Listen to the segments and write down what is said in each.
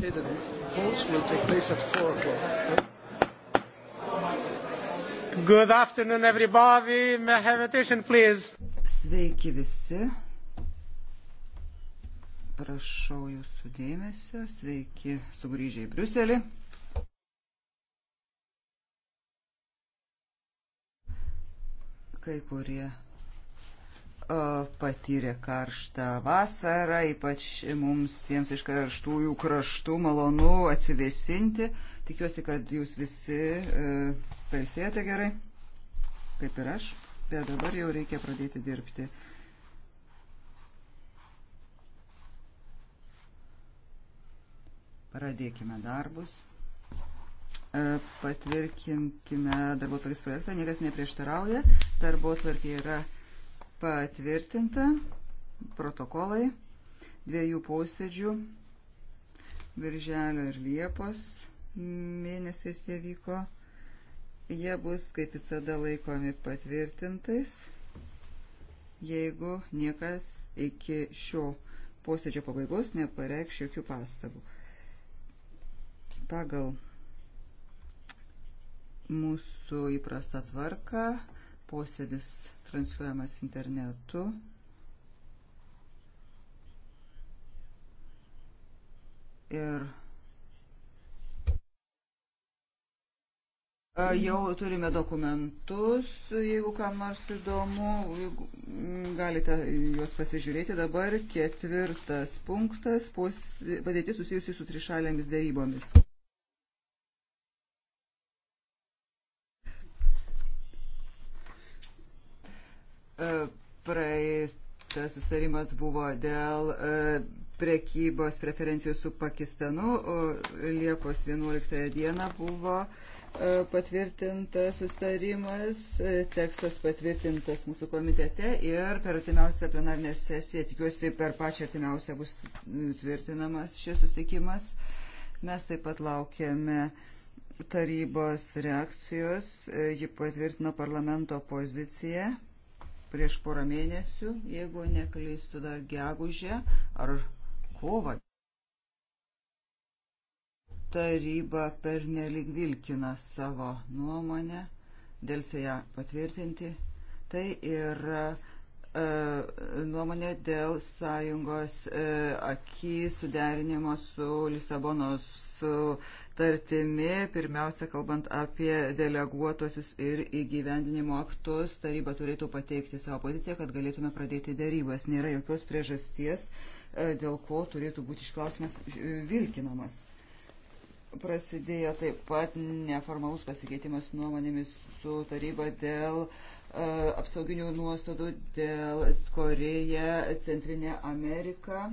say that votes will take place at 4 o'clock. Good afternoon, everybody. May I have attention, please? Sveiki visi. Prašau jūsų dėmesio. Sveiki sugrįžę į Briuselį. Kai kurie patyrė karštą vasarą, ypač mums tiems iš karštųjų kraštų malonu atsivesinti. Tikiuosi, kad jūs visi e, palsėjote gerai, kaip ir aš, bet dabar jau reikia pradėti dirbti. Pradėkime darbus. E, patvirtinkime darbo tvarkės projektą, niekas neprieštarauja, darbo tvarkė yra patvirtinta protokolai dviejų posėdžių Birželio ir Liepos mėnesiais jie vyko. Jie bus, kaip visada, laikomi patvirtintais, jeigu niekas iki šio posėdžio pabaigos nepareikš jokių pastabų. Pagal mūsų įprastą tvarką posėdis transliuojamas internetu. Ir jau turime dokumentus, jeigu kam nors įdomu, galite juos pasižiūrėti. Dabar ketvirtas punktas, padėtis susijusi su trišalėmis darybomis. E, praeitas sustarimas buvo dėl e, prekybos preferencijų su Pakistanu. Liepos 11 dieną buvo e, patvirtintas sustarimas, tekstas patvirtintas mūsų komitete ir per artimiausią plenarinę sesiją, tikiuosi, per pačią artimiausią bus tvirtinamas šis sustikimas. Mes taip pat laukiame tarybos reakcijos, ji patvirtino parlamento poziciją prieš porą mėnesių, jeigu neklystu dar gegužę ar kovą. Taryba pernelik vilkina savo nuomonę, dėl se ją patvirtinti. Tai yra e, nuomonė dėl sąjungos e, akį suderinimo su Lisabonos su sutartimi, pirmiausia, kalbant apie deleguotuosius ir įgyvendinimo aktus, taryba turėtų pateikti savo poziciją, kad galėtume pradėti dėrybas. Nėra jokios priežasties, e, dėl ko turėtų būti išklausimas e, vilkinamas. Prasidėjo taip pat neformalus pasikeitimas nuomonėmis su taryba dėl e, apsauginių nuostodų, dėl Koreja, Centrinė Amerika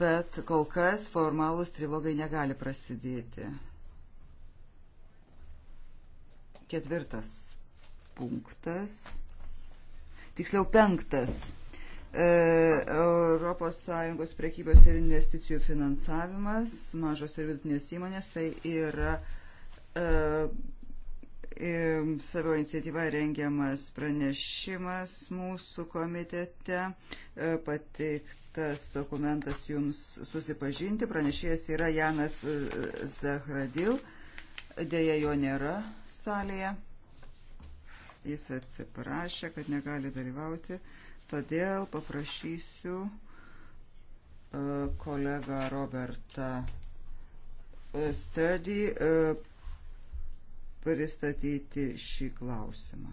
bet kol kas formalūs trilogai negali prasidėti. Ketvirtas punktas. Tiksliau penktas. ES priekybos ir investicijų finansavimas, mažos ir vidutinės įmonės, tai yra e, savo iniciatyvą rengiamas pranešimas mūsų komitete, e, pateiktas dokumentas jums susipažinti. Pranešėjas yra Janas e, Zahradil, dėja jo nėra salėje. Jis atsiprašė, kad negali dalyvauti, todėl paprašysiu e, kolegą Robertą Sturdy pristatyti šį klausimą.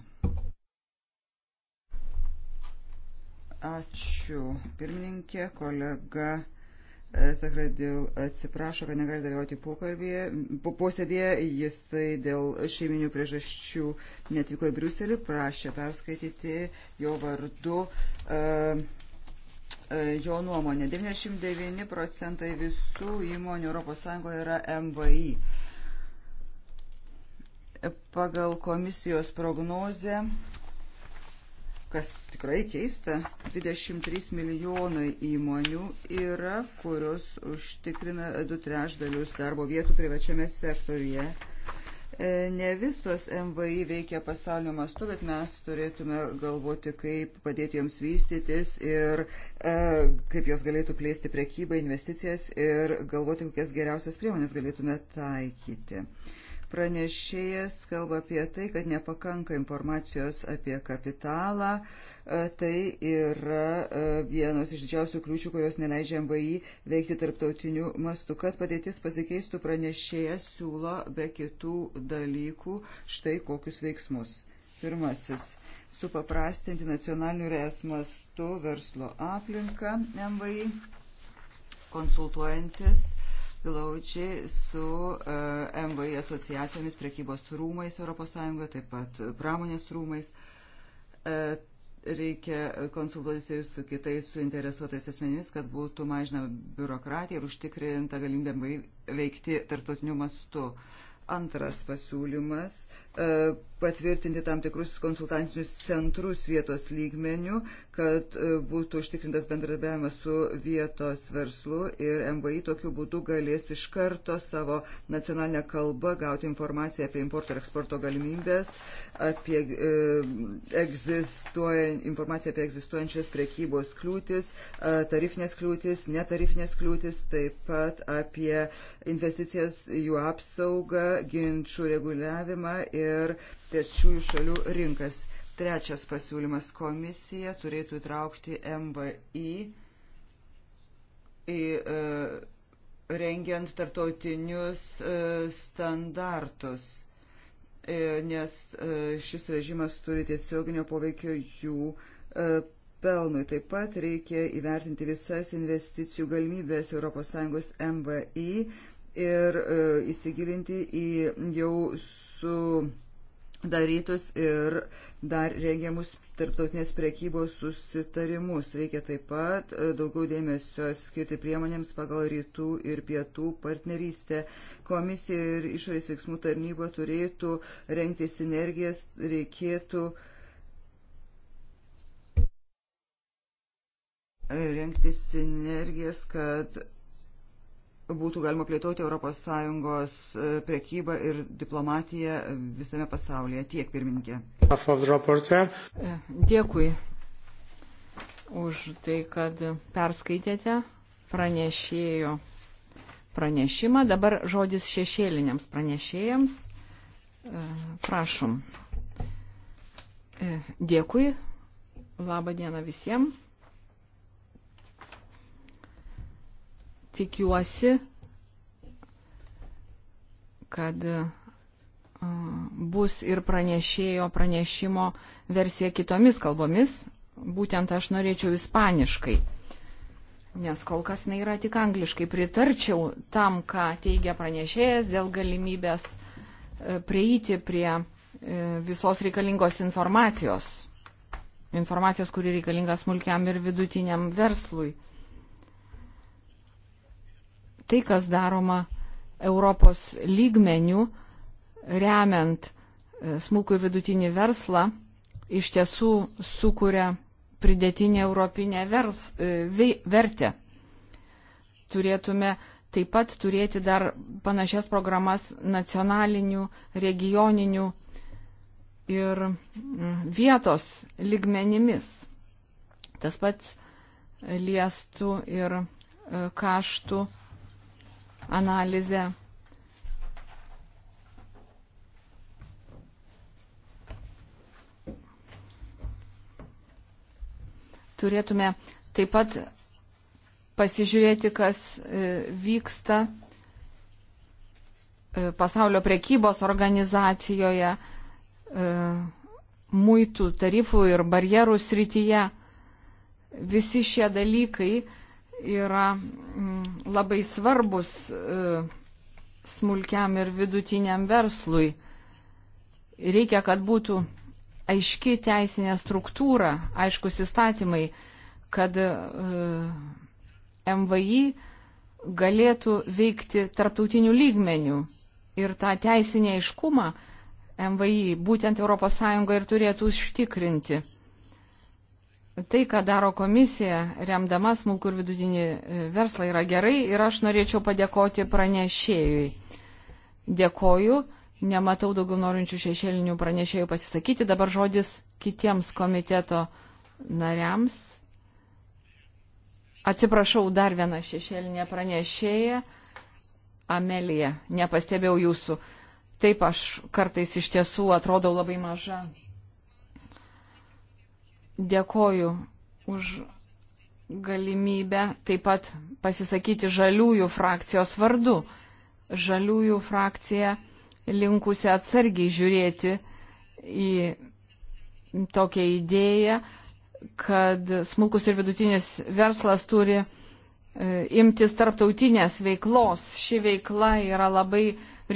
Ačiū. Pirmininkė, kolega e, Zahradil atsiprašo, kad negali dalyvauti pokalbėje. Po posėdėje jisai dėl šeiminių priežasčių netvyko į Briuselį, prašė perskaityti jo vardu. Uh, jo nuomonė. 99 procentai visų įmonių ES yra MVI. Pagal komisijos prognozę, kas tikrai keista, 23 milijonai įmonių yra, kurios užtikrina du trešdalius darbo vietų privačiame sektoriuje. E, ne visos MVI veikia pasaulio mastu, bet mes turėtume galvoti, kaip padėti joms vystytis ir e, kaip jos galėtų plėsti prekybą, investicijas ir galvoti, kokias geriausias priemonės galėtume taikyti. E, Pranešėjas kalba apie tai, kad nepakanka informacijos apie kapitalą. E, tai yra e, vienos iš didžiausių kliūčių, kurios neleidžia MVI veikti tarptautiniu mastu. Kad padėtis pasikeistų, pranešėjas siūlo be kitų dalykų štai kokius veiksmus. Pirmasis - supaprastinti nacionalinių ir es mastų verslo aplinką MVI, konsultuojantis glaudžiai su e, MVI asociacijomis, prekybos rūmais ES, taip pat pramonės rūmais. E, reikia konsultuotis ir su kitais suinteresuotais asmenimis, kad būtų mažinama biurokratija ir užtikrinta galimybė veikti tarptautiniu mastu. Antras pasiūlymas e, patvirtinti tam tikrus konsultacinius centrus vietos lygmenių, kad e, būtų užtikrintas bendradarbiavimas su vietos verslu ir MVI tokiu būdu galės iš karto savo nacionalinę kalbą gauti informaciją apie importo ir eksporto galimybės, apie, e, egzistuoja, informaciją apie egzistuojančias priekybos kliūtis, e, tarifinės kliūtis, netarifinės kliūtis, taip pat apie investicijas, jų apsaugą, ginčių reguliavimą ir trečiųjų šalių rinkas. Trečias pasiūlymas - komisija turėtų įtraukti MVI į e, rengiant tartautinius e, standartus, e, nes e, šis režimas turi tiesioginio poveikio jų e, pelnui. Taip pat reikia įvertinti visas investicijų galimybės ES MVI ir e, įsigilinti į jau su darytus ir dar rengiamus tarptautinės prekybos susitarimus. Reikia taip pat e, daugiau dėmesio skirti priemonėms pagal rytų ir pietų partnerystę. Komisija ir išorės veiksmų tarnyba turėtų renkti sinergijas, reikėtų renkti sinergijas, kad būtų galima plėtoti ES e, prekybą ir diplomatiją visame pasaulyje. Tiek, pirmininkė. E, dėkui už tai, kad perskaitėte pranešėjo pranešimą. Dabar žodis šešėliniams pranešėjams. E, prašom. Dėkui. Labą dieną visiems. tikiuosi, kad bus ir pranešėjo pranešimo versija kitomis kalbomis. Būtent aš norėčiau ispaniškai, nes kol kas jinai yra tik angliškai. Pritarčiau tam, ką teigia pranešėjas dėl galimybės e, prieiti prie e, visos reikalingos informacijos. Informacijos, kuri reikalinga smulkiam ir vidutiniam verslui tai, kas daroma Europos lygmenių, remiant e, smulkų ir vidutinį verslą, iš tiesų sukuria pridėtinį europinę vers, e, vertę. Turėtume taip pat turėti dar panašias programas nacionalinių, regioninių ir vietos ligmenimis. Tas pats liestų ir e, kaštų analizę. Turėtume taip pat pasižiūrėti, kas e, vyksta e, pasaulio prekybos organizacijoje, e, muitų tarifų ir barjerų srityje. Visi šie dalykai yra mm, labai svarbus e, smulkiam ir vidutiniam verslui. Reikia, kad būtų aiški teisinė struktūra, aiškus įstatymai, kad e, MVI galėtų veikti tarptautinių lygmenių. Ir tą teisinį aiškumą MVI būtent ES ir turėtų užtikrinti tai, ką daro komisija, remdama smulkų ir vidutinį e, verslą, yra gerai ir aš norėčiau padėkoti pranešėjui. Dėkoju, nematau daugiau norinčių šešėlinių pranešėjų pasisakyti. Dabar žodis kitiems komiteto nariams. Atsiprašau, dar viena šešėlinė pranešėja. Amelija, nepastebėjau jūsų. Taip aš kartais iš tiesų atrodau labai maža Dėkoju už galimybę taip pat pasisakyti žaliųjų frakcijos vardu. Žaliųjų frakcija linkusi atsargiai žiūrėti į tokią idėją, kad smulkus ir vidutinis verslas turi e, imtis tarptautinės veiklos. Ši veikla yra labai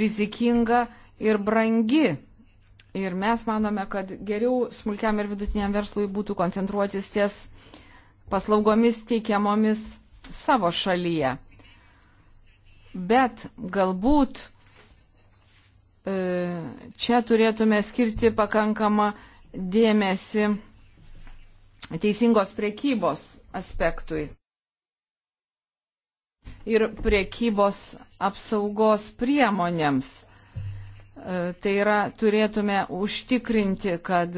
rizikinga ir brangi. Ir mes manome, kad geriau smulkiam ir vidutiniam verslui būtų koncentruotis ties paslaugomis teikiamomis savo šalyje. Bet galbūt e, čia turėtume skirti pakankamą dėmesį teisingos priekybos aspektui ir priekybos apsaugos priemonėms E, tai yra, turėtume užtikrinti, kad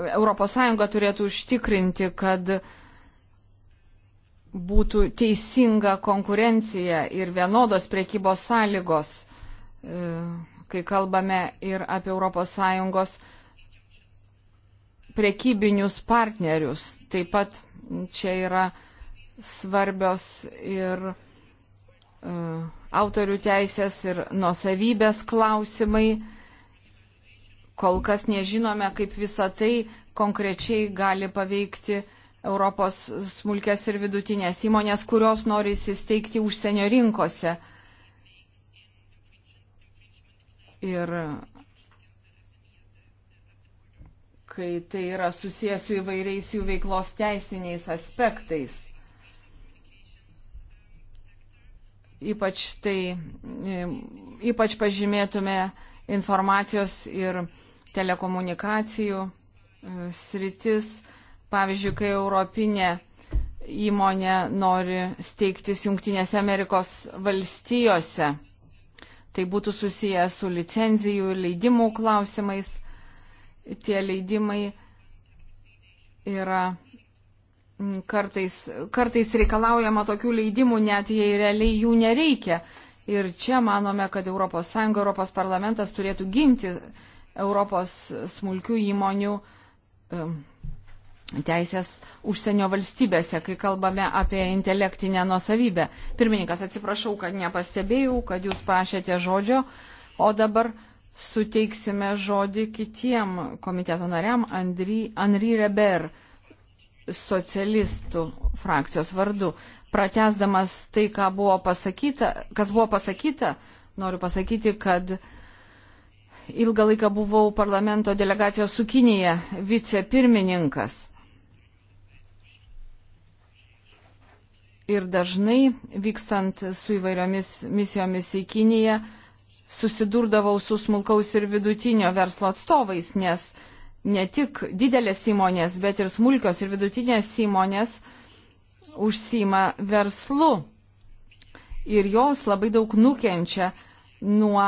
ES turėtų užtikrinti, kad būtų teisinga konkurencija ir vienodos priekybos sąlygos, e, kai kalbame ir apie ES priekybinius partnerius. Taip pat čia yra svarbios ir E, autorių teisės ir nuosavybės klausimai. Kol kas nežinome, kaip visa tai konkrečiai gali paveikti Europos smulkės ir vidutinės įmonės, kurios nori įsisteigti užsienio rinkose. Ir kai tai yra susijęs su įvairiais jų veiklos teisiniais aspektais. Ypač, tai, e, ypač pažymėtume informacijos ir telekomunikacijų e, sritis. Pavyzdžiui, kai Europinė įmonė nori steigtis Junktinėse Amerikos valstijose, tai būtų susiję su licenzijų ir leidimų klausimais. Tie leidimai yra kartais, kartais reikalaujama tokių leidimų, net jei realiai jų nereikia. Ir čia manome, kad ES, ES parlamentas turėtų ginti Europos smulkių įmonių um, teisės užsienio valstybėse, kai kalbame apie intelektinę nusavybę. Pirmininkas, atsiprašau, kad nepastebėjau, kad jūs prašėte žodžio, o dabar suteiksime žodį kitiem komiteto nariam Andry, Andry Reber socialistų frakcijos vardu. Pratesdamas tai, buvo pasakyta, kas buvo pasakyta, noriu pasakyti, kad ilgą laiką buvau parlamento delegacijos su Kinija vicepirmininkas. Ir dažnai vykstant su įvairiomis misijomis į Kiniją susidurdavau su smulkaus ir vidutinio verslo atstovais, nes uh, ne tik didelės įmonės, bet ir smulkios ir vidutinės įmonės užsima verslu. Ir jos labai daug nukenčia nuo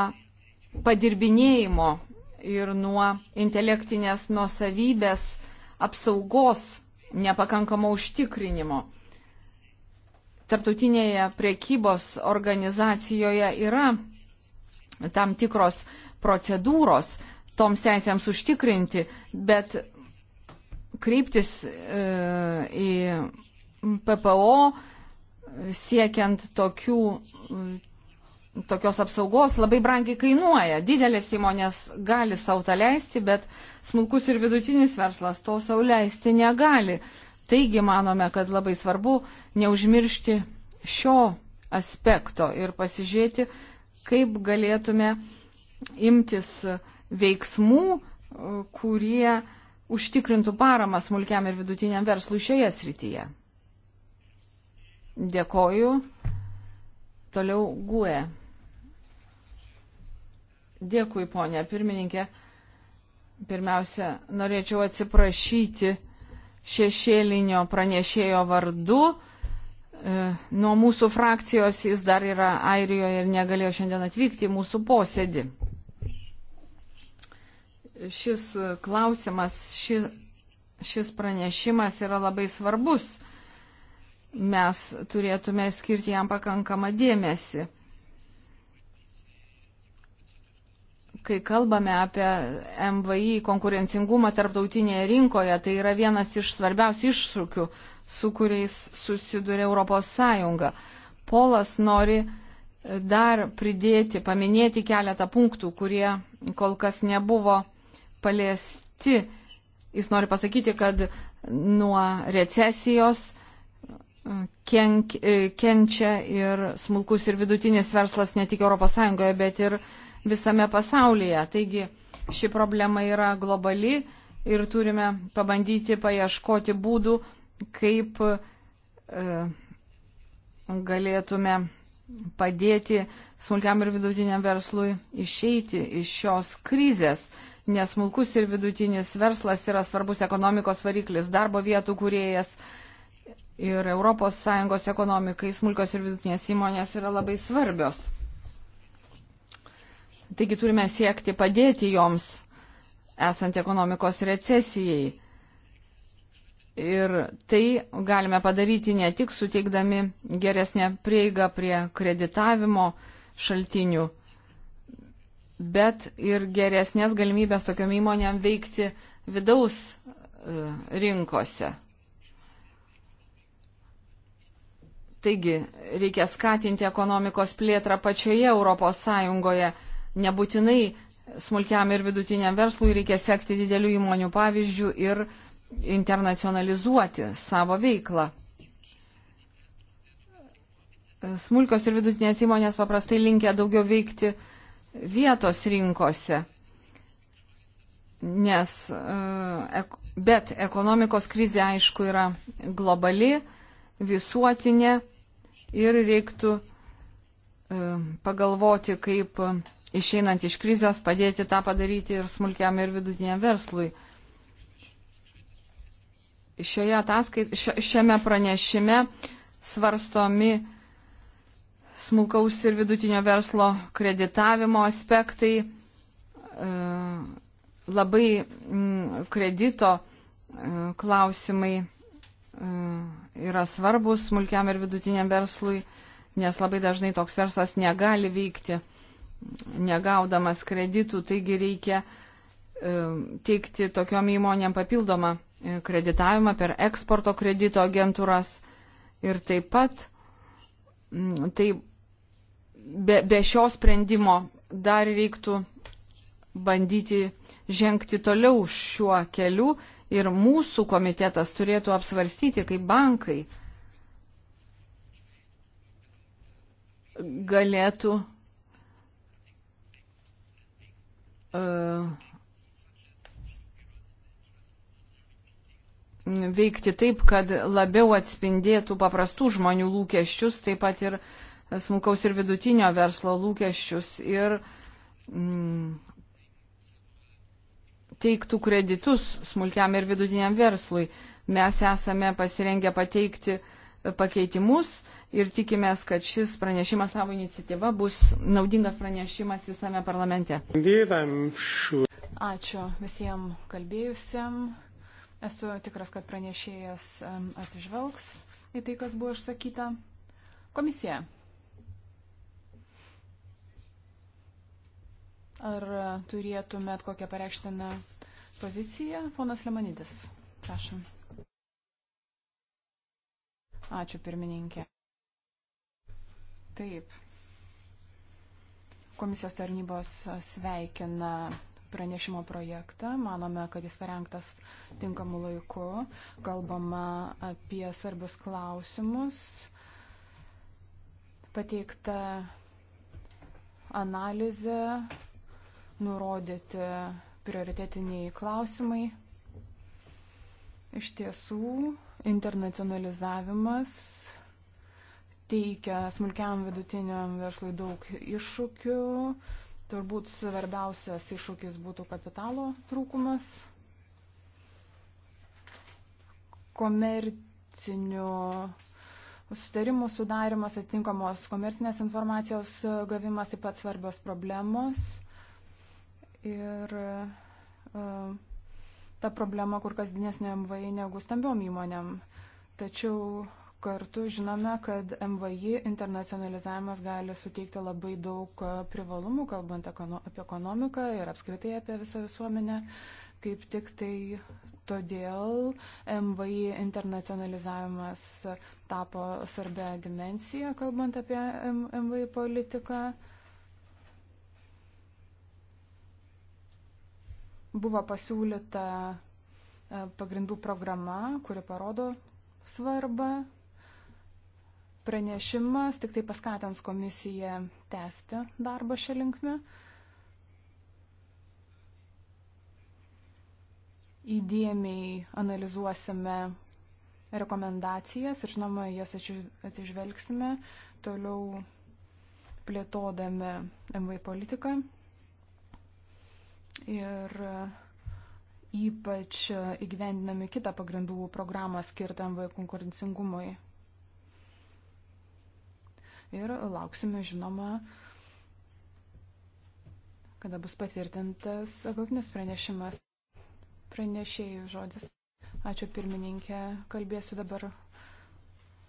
padirbinėjimo ir nuo intelektinės nuosavybės apsaugos nepakankamo užtikrinimo. Tarptautinėje priekybos organizacijoje yra tam tikros procedūros, toms teisėms užtikrinti, bet kryptis e, į PPO siekiant tokių, tokios apsaugos labai brangiai kainuoja. Didelės įmonės gali savo tą leisti, bet smulkus ir vidutinis verslas to savo leisti negali. Taigi manome, kad labai svarbu neužmiršti šio aspekto ir pasižiūrėti, kaip galėtume imtis uh, veiksmų, e, kurie užtikrintų paramą smulkiam ir vidutiniam verslui šioje srityje. Dėkoju. Toliau guė. Dėkui, ponė pirmininkė. Pirmiausia, norėčiau atsiprašyti šešėlinio pranešėjo vardu. E, nuo mūsų frakcijos jis dar yra Airijoje ir negalėjo šiandien atvykti į mūsų posėdį šis klausimas, ši, šis pranešimas yra labai svarbus. Mes turėtume skirti jam pakankamą dėmesį. kai kalbame apie MVI konkurencingumą tarptautinėje rinkoje, tai yra vienas iš svarbiausių iššūkių, su kuriais susiduria Europos Sąjunga. Polas nori dar pridėti, paminėti keletą punktų, kurie kol kas nebuvo paliesti. Jis nori pasakyti, kad nuo recesijos e, kenk, e, kenčia ir smulkus ir vidutinis verslas ne tik ES, bet ir visame pasaulyje. Taigi ši problema yra globali ir turime pabandyti paieškoti būdų, kaip e, galėtume padėti smulkiam ir vidutiniam verslui išeiti iš šios krizės nes smulkus ir vidutinis verslas yra svarbus ekonomikos variklis, darbo vietų kuriejas ir ES ekonomikai smulkios ir vidutinės įmonės yra labai svarbios. Taigi turime siekti padėti joms esant ekonomikos recesijai. Ir tai galime padaryti ne tik suteikdami geresnę prieigą prie kreditavimo šaltinių, bet ir geresnės galimybės tokiam įmonėm veikti vidaus e, rinkose. Taigi reikia skatinti ekonomikos plėtrą pačioje Europos Sąjungoje. Nebūtinai smulkiam ir vidutiniam verslui reikia sekti didelių įmonių pavyzdžių ir internacionalizuoti savo veiklą. Smulkios ir vidutinės įmonės paprastai linkia daugiau veikti uh, vietos rinkose. Nes, e, bet ekonomikos krizė aišku yra globali, visuotinė ir reiktų e, pagalvoti, kaip išeinant iš krizės padėti tą padaryti ir smulkiam ir vidutiniam verslui. Šioje ataskait, šiame pranešime svarstomi smulkaus ir vidutinio verslo kreditavimo aspektai, e, labai kredito e, klausimai e, yra svarbus smulkiam ir vidutiniam verslui, nes labai dažnai toks verslas negali veikti, negaudamas kreditų, taigi reikia teikti tokiom įmonėm papildomą kreditavimą per eksporto kredito agentūras ir taip pat tai be, be šio sprendimo dar reiktų bandyti žengti toliau šiuo keliu ir mūsų komitetas turėtų apsvarstyti, kaip bankai galėtų uh, veikti taip, kad labiau atspindėtų paprastų žmonių lūkesčius, taip pat ir uh, smulkaus ir vidutinio verslo lūkesčius ir mm, teiktų kreditus smulkiam ir vidutiniam verslui. Mes esame pasirengę pateikti pakeitimus ir tikimės, kad šis pranešimas savo iniciatyva bus naudingas pranešimas visame parlamente. Ačiū visiems kalbėjusiems. Esu tikras, kad pranešėjas atsižvelgs į tai, kas buvo išsakyta. Komisija. Ar turėtumėt kokią pareikštiną poziciją? Ponas Lemanidis, prašom. Ačiū, pirmininkė. Taip. Komisijos tarnybos sveikina pranešimo projektą. Manome, kad jis parengtas tinkamu laiku. Kalbama apie svarbius klausimus. Pateikta analizė nurodyti prioritetiniai klausimai. Iš tiesų, internacionalizavimas teikia smulkiam vidutiniam verslui daug iššūkių. Turbūt svarbiausias iššūkis būtų kapitalo trūkumas. Komercinių sustarimų sudarimas, atitinkamos komercinės informacijos gavimas, taip pat svarbios problemos ir e, ta problema kur kas didesnė MVI negu stambiom įmonėm. Tačiau kartu žinome, kad MVI internacionalizavimas gali suteikti labai daug e, privalumų, kalbant apie ekonomiką ir apskritai apie visą visuomenę. Kaip tik tai todėl MVI internacionalizavimas e, tapo svarbia dimensija, kalbant apie MVI politiką. Buvo pasiūlyta e, pagrindų programa, kuri parodo svarbą. Pranešimas tik tai paskatins komisiją tęsti darbą šią linkmę. Įdėmiai analizuosime rekomendacijas ir žinoma, jas atsižvelgsime toliau plėtodami MV politiką ir e, ypač e, įgyvendinami kitą pagrindų programą skirtam konkurencingumui. Ir lauksime, žinoma, kada bus patvirtintas galutinis pranešimas. Pranešėjų žodis. Ačiū pirmininkė, kalbėsiu dabar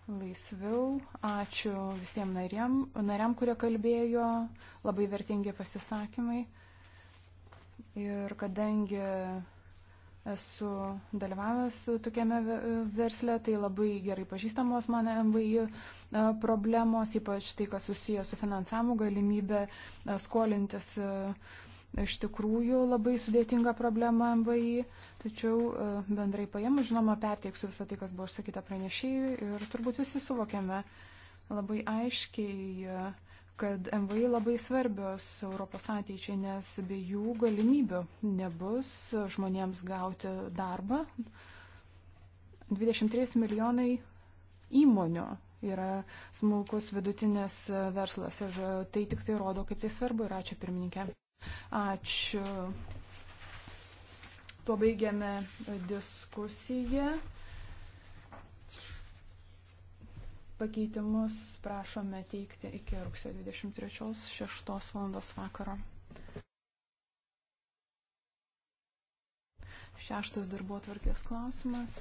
laisviau. Ačiū visiems nariam, nariam, kurie kalbėjo, labai vertingi pasisakymai. Ir kadangi esu dalyvavęs tokiame versle, tai labai gerai pažįstamos man MVI e, problemos, ypač tai, kas susijęs su finansavimu, galimybė e, skolintis e, iš tikrųjų labai sudėtinga problema MVI. Tačiau bendrai paėmų, žinoma, perteiksiu visą tai, kas buvo išsakyta pranešėjui ir turbūt visi suvokėme labai aiškiai kad MVI labai svarbios Europos ateičiai, nes be jų galimybių nebus žmonėms gauti darbą. 23 milijonai įmonių yra smulkus vidutinės verslas ir tai tik tai rodo, kaip tai svarbu ir ačiū pirmininkė. Ačiū. Pabaigėme diskusiją. Pakeitimus prašome teikti iki rugsėjo 23.06 val. vakaro. Šeštas darbo tvarkės klausimas.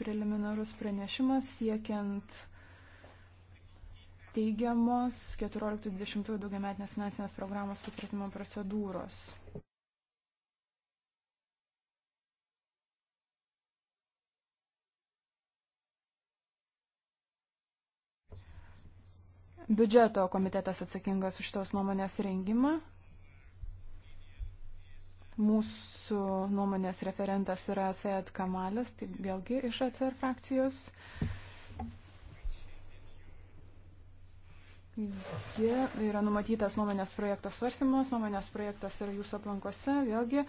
Preliminarus pranešimas siekiant teigiamos 14-20 daugiametinės finansinės programos supratimo procedūros. biudžeto komitetas atsakingas už tos nuomonės rengimą. Mūsų nuomonės referentas yra Sejad Kamalis, tai vėlgi iš ACR frakcijos. Ji yra numatytas nuomonės projektos svarstymas, nuomonės projektas yra jūsų aplankose. Vėlgi,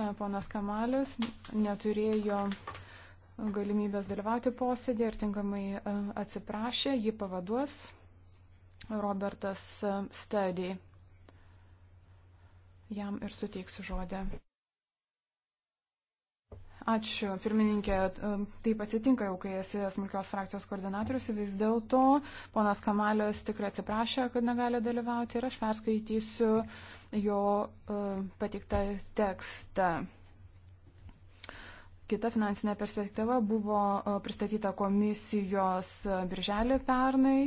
na, ponas Kamalis neturėjo galimybės dalyvauti posėdį ir tinkamai e, atsiprašė, jį pavaduos Robertas Study. Jam ir suteiksiu žodį. Ačiū, pirmininkė. Taip atsitinka jau, kai esi smulkios frakcijos koordinatorius. Vis dėlto ponas Kamalės tikrai atsiprašė, kad negali dalyvauti ir aš perskaitysiu jo e, patiktą tekstą. Kita finansinė perspektyva buvo e, pristatyta komisijos e, birželį pernai.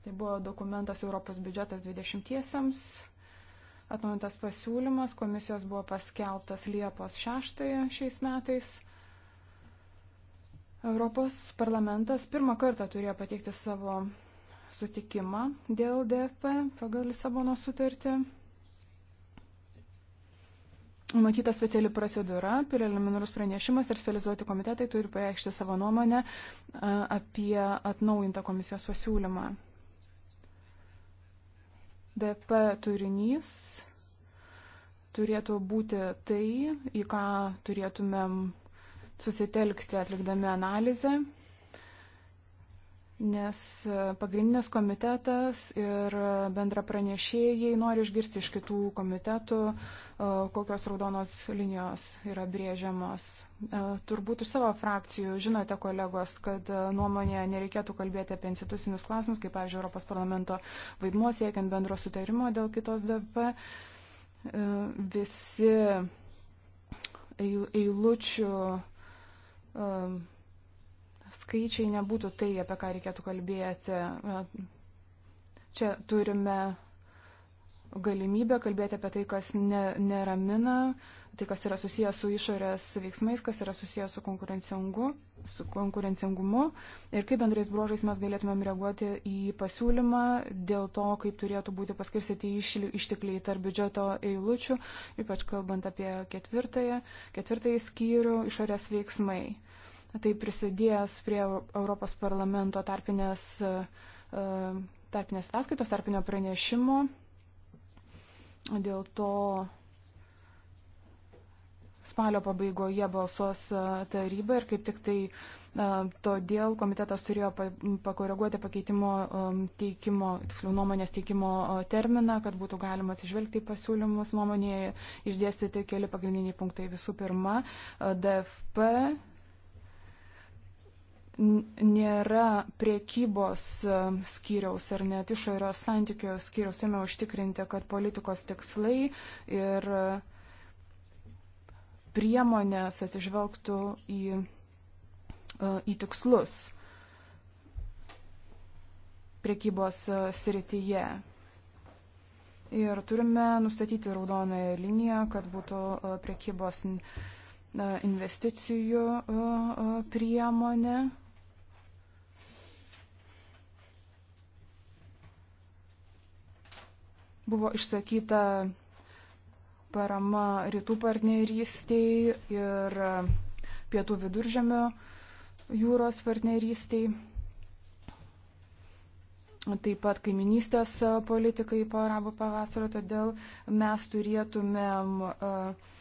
Tai buvo dokumentas Europos biudžetas 20-iesiams, atnaujintas pasiūlymas, komisijos buvo paskelbtas Liepos 6 šiais metais. Europos parlamentas pirmą kartą turėjo pateikti savo sutikimą dėl DFP pagal Lisabono sutartį. Matyta speciali procedūra, preliminarus pranešimas ir specializuoti komitetai turi pareikšti savo nuomonę apie atnaujintą komisijos pasiūlymą. DP turinys turėtų būti tai, į ką turėtumėm susitelkti atlikdami analizę nes e, pagrindinis komitetas ir e, bendra pranešėjai nori išgirsti iš kitų komitetų, e, kokios raudonos linijos yra brėžiamos. Turbūt iš savo frakcijų žinote, kolegos, kad nuomonėje nereikėtų kalbėti apie institucinius klausimus, kaip, pavyzdžiui, Europos parlamento vaidmuo siekiant bendro sutarimo dėl kitos DP. Visi eilučių skaičiai nebūtų tai, apie ką reikėtų kalbėti. E, čia turime galimybę kalbėti apie tai, kas ne, neramina, tai, kas yra susijęs su išorės veiksmais, kas yra susijęs su, konkurencingu, su konkurencingumu ir kaip bendrais bruožais mes galėtumėm reaguoti į pasiūlymą dėl to, kaip turėtų būti paskirstyti iš, ištekliai tarp biudžeto eilučių, ypač kalbant apie ketvirtąjį skyrių išorės veiksmai tai prisidės prie Europos parlamento tarpinės, e, tarpinės ataskaitos, tarpinio pranešimo. Dėl to spalio pabaigoje balsuos e, taryba ir kaip tik tai e, todėl komitetas turėjo pakoreguoti pakeitimo teikimo, tiksliau nuomonės teikimo terminą, kad būtų galima atsižvelgti į pasiūlymus nuomonėje, išdėstyti keli pagrindiniai punktai. Visų pirma, DFP nėra priekybos e, skyriaus ar net išorės santykių skyriaus, turime užtikrinti, kad politikos tikslai ir e, priemonės atsižvelgtų į, e, į tikslus priekybos srityje. Ir turime nustatyti raudonąją liniją, kad būtų priekybos investicijų priemonė Buvo išsakyta parama rytų partnerystiai ir pietų viduržemio jūros partnerystiai. Taip pat kaiminystės politikai po arabų pavasario, todėl mes turėtumėm uh,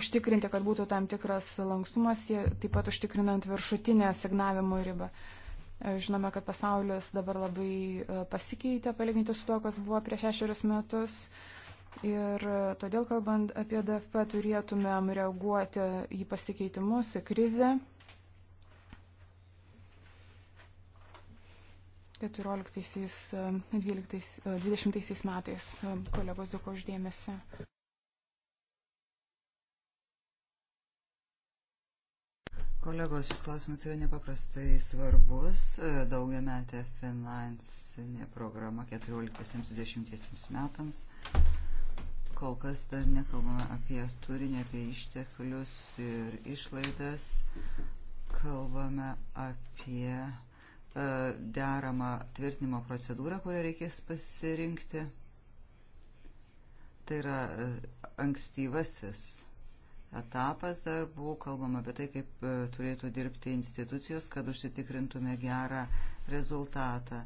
užtikrinti, kad būtų tam tikras lankstumas, taip pat užtikrinant viršutinę signavimo ribą. Uh, E, žinome, kad pasaulis dabar labai e, pasikeitė palyginti su to, kas buvo prieš šešerius metus. Ir e, todėl, kalbant apie DFP, turėtumėm reaguoti į pasikeitimus, į krizę. 14-20 metais kolegos dėkoju uždėmesi. Kolegos, šis klausimas yra nepaprastai svarbus. Daugia metė finansinė programa 14-20 metams. Kol kas dar nekalbame apie turinį, apie išteklius ir išlaidas. Kalbame apie e, deramą tvirtinimo procedūrą, kurią reikės pasirinkti. Tai yra e, ankstyvasis etapas dar buvo kalbama apie tai, kaip e, turėtų dirbti institucijos, kad užsitikrintume gerą rezultatą.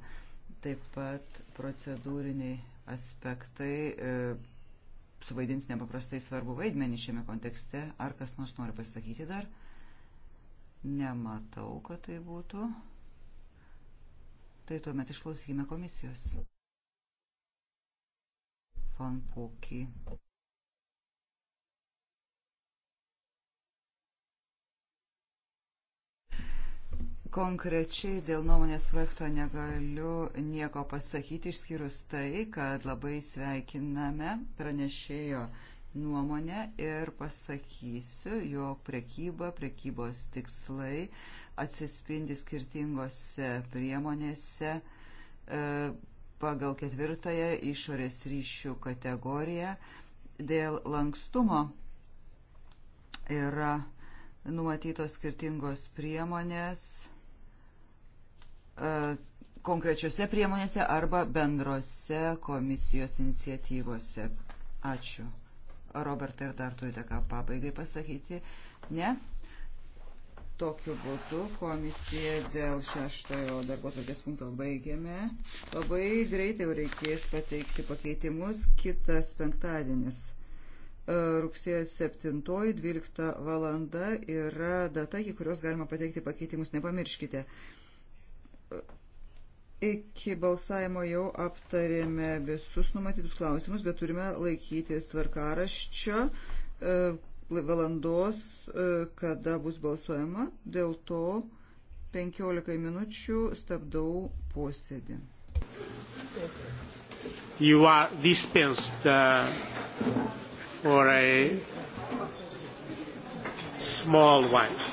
Taip pat procedūriniai aspektai e, suvaidins nepaprastai svarbu vaidmenį šiame kontekste. Ar kas nors nori pasakyti dar? Nematau, kad tai būtų. Tai tuomet išklausykime komisijos. Fanpuki. Konkrečiai dėl nuomonės projekto negaliu nieko pasakyti, išskyrus tai, kad labai sveikiname pranešėjo nuomonę ir pasakysiu, jog prekyba, prekybos tikslai atsispindi skirtingose priemonėse e, pagal ketvirtąją išorės ryšių kategoriją. Dėl lankstumo yra numatytos skirtingos priemonės E, konkrečiose priemonėse arba bendrose komisijos iniciatyvose. Ačiū. Robertai, ar dar turite ką pabaigai pasakyti? Ne? Tokiu būdu komisiją dėl šeštojo darbo tokias punkto baigėme. Labai greitai jau reikės pateikti pakeitimus kitas penktadienis. E, rugsėjo 7.12 valanda yra data, į kurios galima pateikti pakeitimus. Nepamirškite. Iki balsavimo jau aptarėme visus numatytus klausimus, bet turime laikytis tvarkaraščio e, valandos, e, kada bus balsuojama. Dėl to 15 minučių stabdau posėdį. You are dispensed uh, for a small one.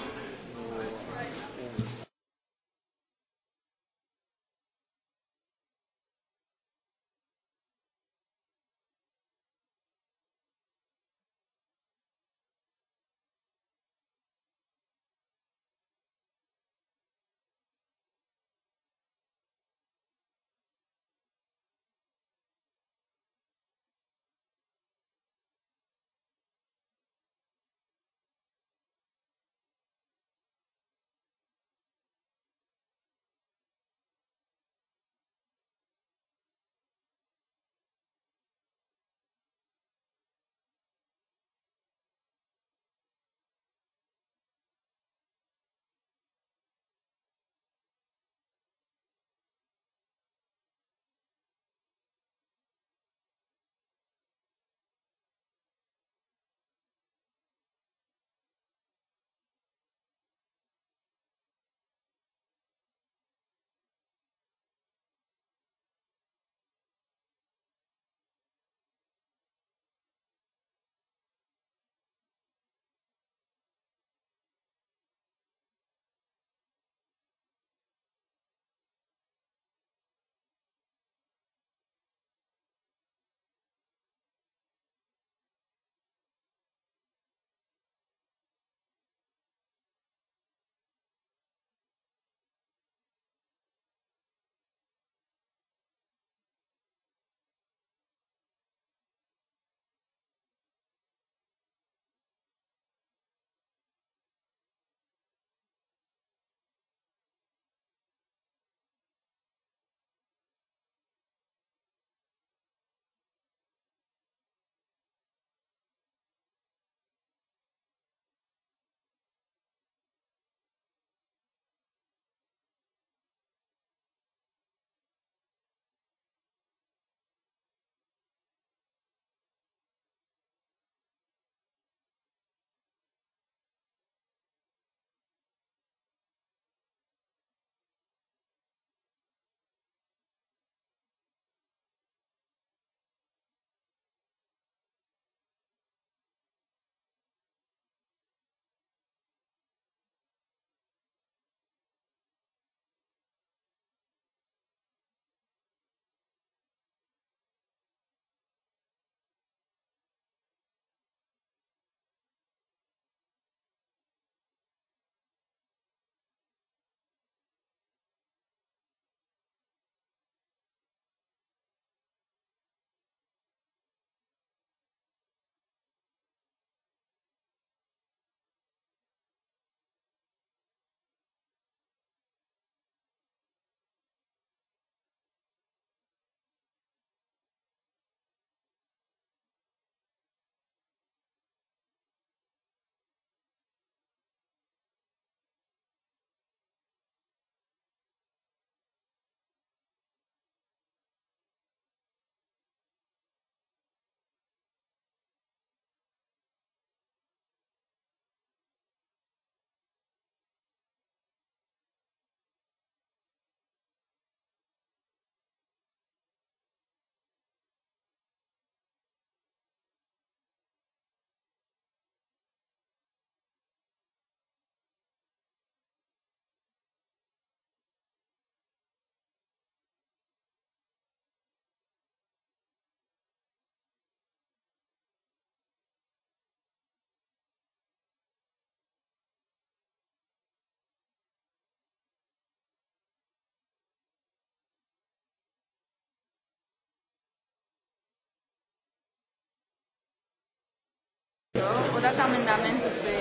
eu, odată amendamentul pe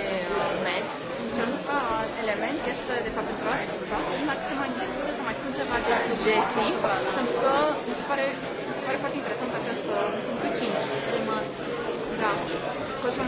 MEC, pentru că element este, de fapt, pentru asta, vreau să spun dacă se mai discută, să mai spun ceva de sugestii, pentru că mi se pare, mi se pare foarte interesant acest punctul 5. Da. Cosmul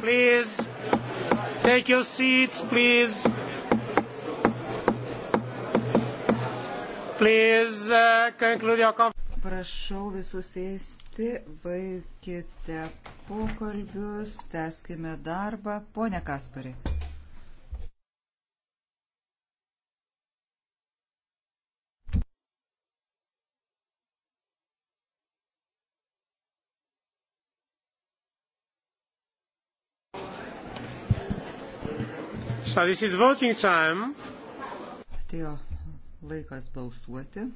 please. Take your seats, please. Please uh, conclude your conference. Prašau visus sėsti, baigkite pokalbius, teskime darbą. Pone Kaspari. So this is voting time. Atėjo laikas balsuoti.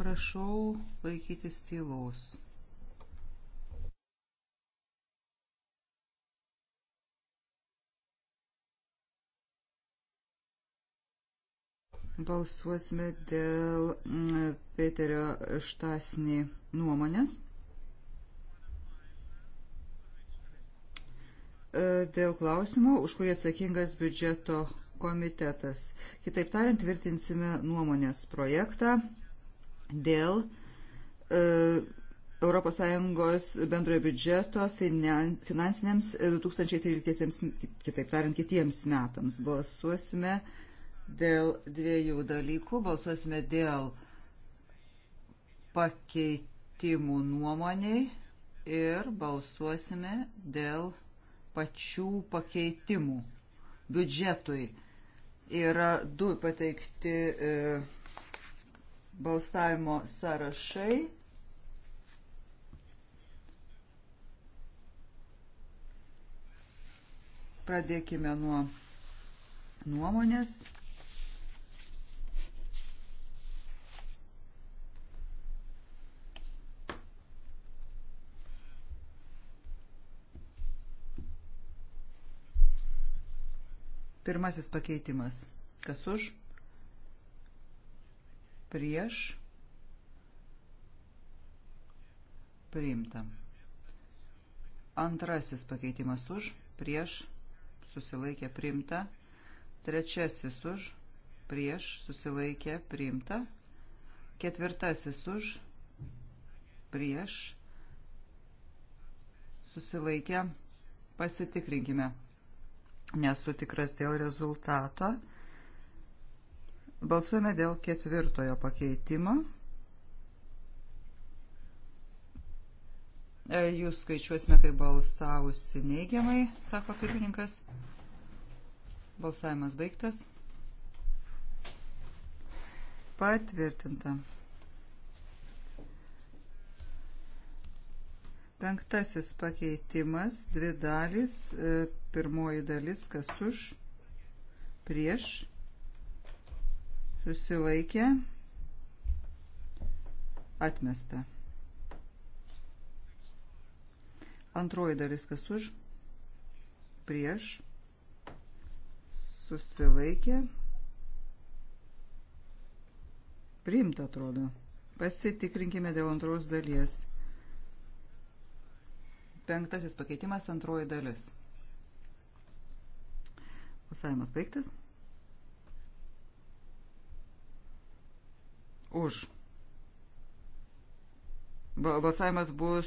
Prašau laikytis tylos. Balsuosime dėl mm, Peterio Štasnį nuomonės. E, dėl klausimo, už kurį atsakingas biudžeto komitetas. Kitaip tariant, tvirtinsime nuomonės projektą dėl e, ES bendrojo biudžeto finansiniams 2013, e, kitaip tariant, kitiems metams. Balsuosime e, dėl dviejų dalykų. Balsuosime dėl pakeitimų nuomoniai ir balsuosime dėl pačių pakeitimų biudžetui. Yra du pateikti e, balsavimo sąrašai. Pradėkime nuo nuomonės. Pirmasis pakeitimas. Kas už? Prieš. Priimta. Antrasis pakeitimas už. Prieš. Susilaikė priimta. Trečiasis už. Prieš. Susilaikė priimta. Ketvirtasis už. Prieš. Susilaikė. Pasitikrinkime nesu tikras dėl rezultato. Balsuojame dėl ketvirtojo pakeitimo. E, jūs skaičiuosime, kai balsavusi neigiamai, sako pirmininkas. Balsavimas baigtas. Patvirtinta. Penktasis pakeitimas, dvi dalys, e, pirmoji dalis, kas už, prieš, susilaikė, atmesta. Antroji dalis, kas už, prieš, susilaikė, priimta atrodo. Pasitikrinkime dėl antros dalies. Penktasis pakeitimas, antroji dalis. Balsavimas baigtas. Už. Balsavimas bus,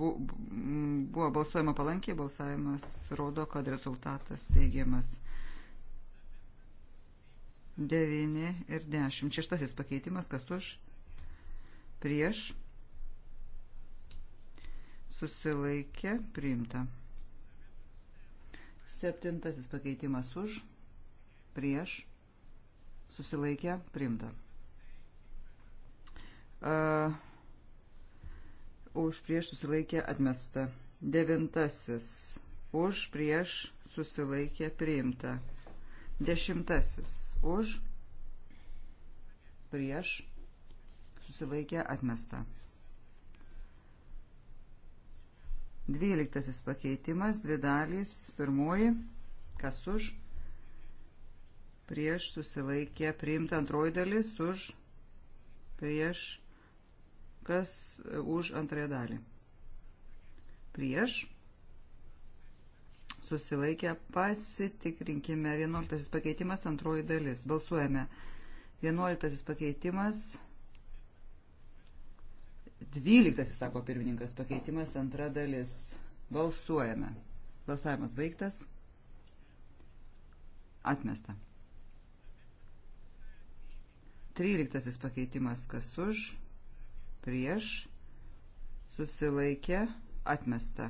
bu, buvo balsuojama palankiai, balsavimas rodo, kad rezultatas teigiamas. 9 ir 10. Šeštasis pakeitimas, kas už? Prieš susilaikė, priimta. Septintasis pakeitimas už, prieš, susilaikė, priimta. Uh, už, prieš, susilaikė, atmesta. Devintasis už, prieš, susilaikė, priimta. Dešimtasis už, prieš, susilaikė, atmesta. Dvyliktasis pakeitimas, dvi dalys, pirmoji, kas už, prieš susilaikė, priimta antroji dalis, už, prieš, kas už antrąją dalį. Prieš, susilaikę, pasitikrinkime 11 pakeitimas, antroji dalis. Balsuojame. 11 pakeitimas, Dvyliktasis, sako pirmininkas, pakeitimas antra dalis. Balsuojame. Balsavimas baigtas. Atmesta. Tryliktasis pakeitimas kas už, prieš, susilaikė, atmesta.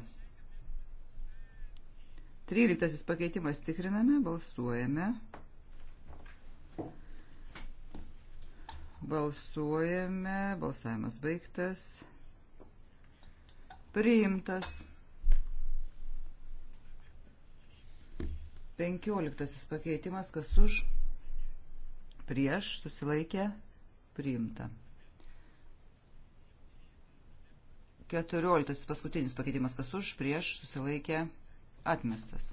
Tryliktasis pakeitimas tikriname, balsuojame. Balsuojame. Balsavimas baigtas. Priimtas. 15 pakeitimas, kas už, prieš, susilaikė, priimta. 14 paskutinis pakeitimas, kas už, prieš, susilaikė, atmestas.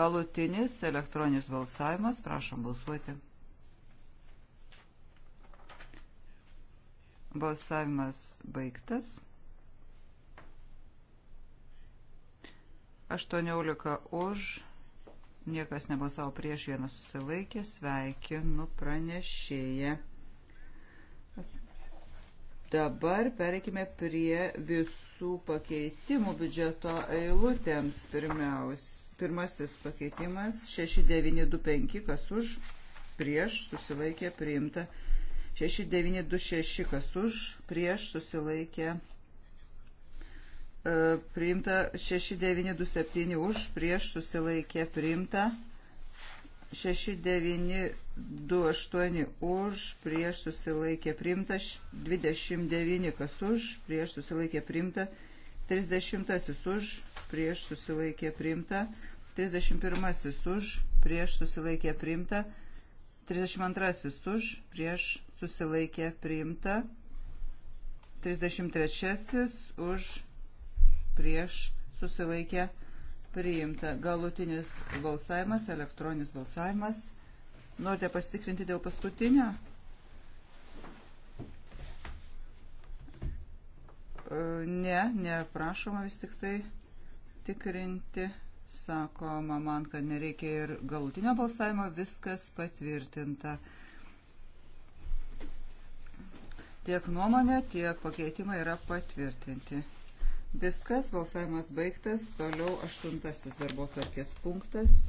Galutinis elektroninis balsavimas, prašom balsuoti. Balsavimas baigtas. 18 už, niekas nebalsavo prieš, vienas susilaikė, sveikinu pranešėję. Dabar pereikime prie visų pakeitimų biudžeto eilutėms. Pirmiaus, pirmasis pakeitimas 6925, kas už, prieš, susilaikė, priimta. 6926 e, kas už, prieš susilaikė priimta 6927 už, prieš susilaikė priimta 6928 už, prieš susilaikė priimta 29 kas už, prieš susilaikė priimta 30 už, prieš susilaikė priimta 31 už, prieš susilaikė priimta 32 už, prieš susilaikė priimta. 33 už prieš susilaikė priimta. Galutinis balsavimas, elektroninis balsavimas. Norite pasitikrinti dėl paskutinio? E, ne, neprašoma vis tik tai tikrinti. Sakoma man, kad nereikia ir galutinio balsavimo, viskas patvirtinta. Tiek nuomonė, tiek pakeitimai yra patvirtinti. Viskas, balsavimas baigtas, toliau aštuntasis darbo tvarkės punktas.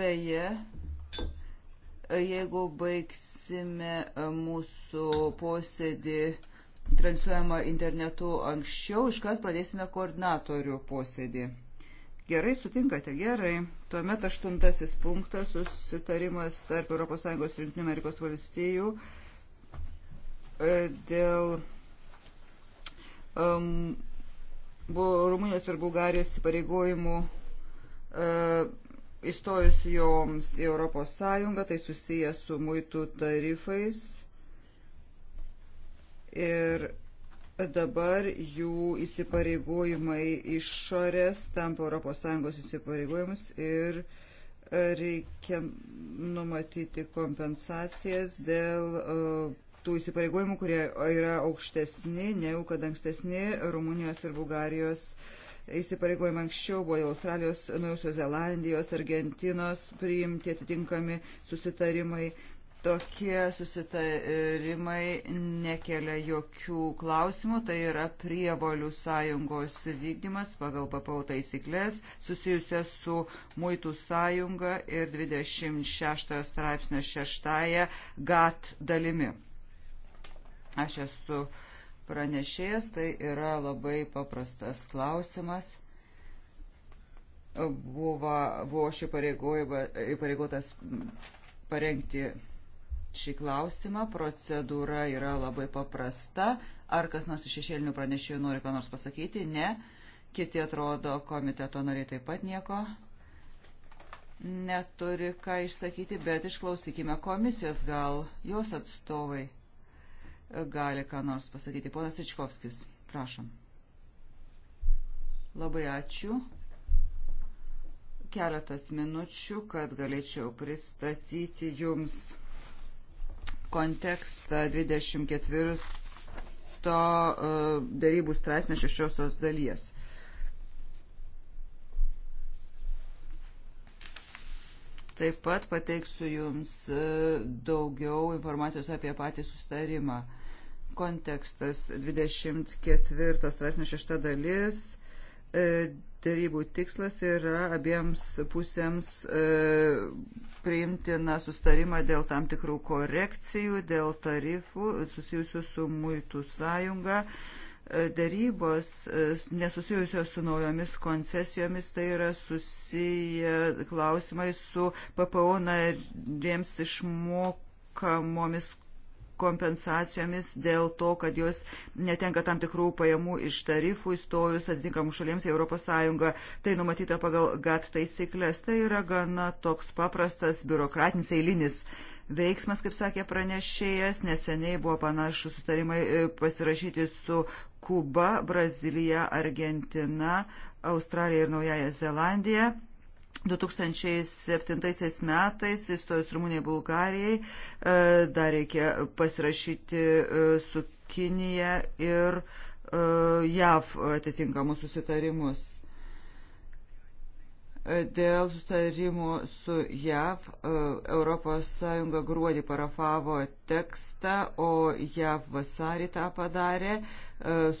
Beje, jeigu baigsime mūsų posėdį transliuojama internetu anksčiau, iškart pradėsime koordinatorių posėdį. Gerai, sutinkate, gerai. Tuomet aštuntasis punktas - susitarimas tarp ES ir JAV e, dėl um, Rumunijos ir Bulgarijos įpareigojimų uh, e, įstojus joms į ES, tai susijęs su muitų tarifais ir dabar jų įsipareigojimai išorės tampa ES įsipareigojimus ir e, reikia numatyti kompensacijas dėl e, tų įsipareigojimų, kurie yra aukštesni, negu kad ankstesni Rumunijos ir Bulgarijos įsipareigojimai anksčiau buvo Australijos, Naujosios Zelandijos, Argentinos priimti atitinkami susitarimai. Tokie susitarimai nekelia jokių klausimų, tai yra prievolių sąjungos vykdymas pagal papau taisyklės susijusios su muitų sąjunga ir 26 straipsnio 6 GAT dalimi. Aš esu pranešėjas, tai yra labai paprastas klausimas buvo, buvo aš įpareigotas parengti šį klausimą. Procedūra yra labai paprasta. Ar kas nors iš šešėlinių pranešėjų nori ką nors pasakyti? Ne. Kiti atrodo, komiteto nariai taip pat nieko neturi ką išsakyti, bet išklausykime komisijos, gal jos atstovai gali ką nors pasakyti. Ponas Ičkovskis, prašom. Labai ačiū keletas minučių, kad galėčiau pristatyti jums kontekstą 24 e, darybų straipsnio šešiosios dalies. Taip pat pateiksiu Jums e, daugiau informacijos apie patį sustarimą. Kontekstas 24 straipsnio šešta dalis e, Tarybų tikslas yra abiems pusėms e, priimti na, sustarimą dėl tam tikrų korekcijų, dėl tarifų susijusių su muitų sąjunga. E, darybos e, nesusijusios su naujomis koncesijomis, tai yra susiję klausimai su PPO narėms išmokamomis kompensacijomis dėl to, kad jos netenka tam tikrų pajamų iš tarifų įstojus atitinkamų šalims į ES. Tai numatyta pagal GATT taisyklės. Tai yra gana toks paprastas biurokratinis eilinis veiksmas, kaip sakė pranešėjas, neseniai buvo panašus sustarimai e, pasirašyti su Kuba, Brazilija, Argentina, Australija ir Naujaja Zelandija. 2007 metais įstojus Rumunijai Bulgarijai, e, dar reikia pasirašyti e, su Kinija ir e, JAV atitinkamus susitarimus. Dėl sustarimų su JAV ES gruodį parafavo tekstą, o JAV vasarį tą padarė.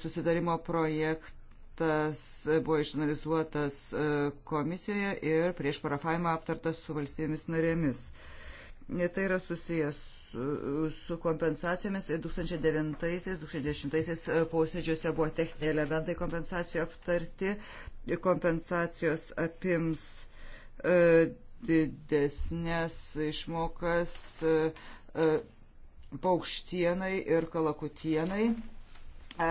Susitarimo projektą dokumentas e, buvo išanalizuotas e, komisijoje ir prieš parafavimą aptartas su valstybėmis narėmis. E, tai yra susijęs su, su kompensacijomis. 2009-2010 posėdžiuose buvo techniniai elementai kompensacijų aptarti. Kompensacijos apims e, didesnės išmokas e, e, paukštienai ir kalakutienai. E,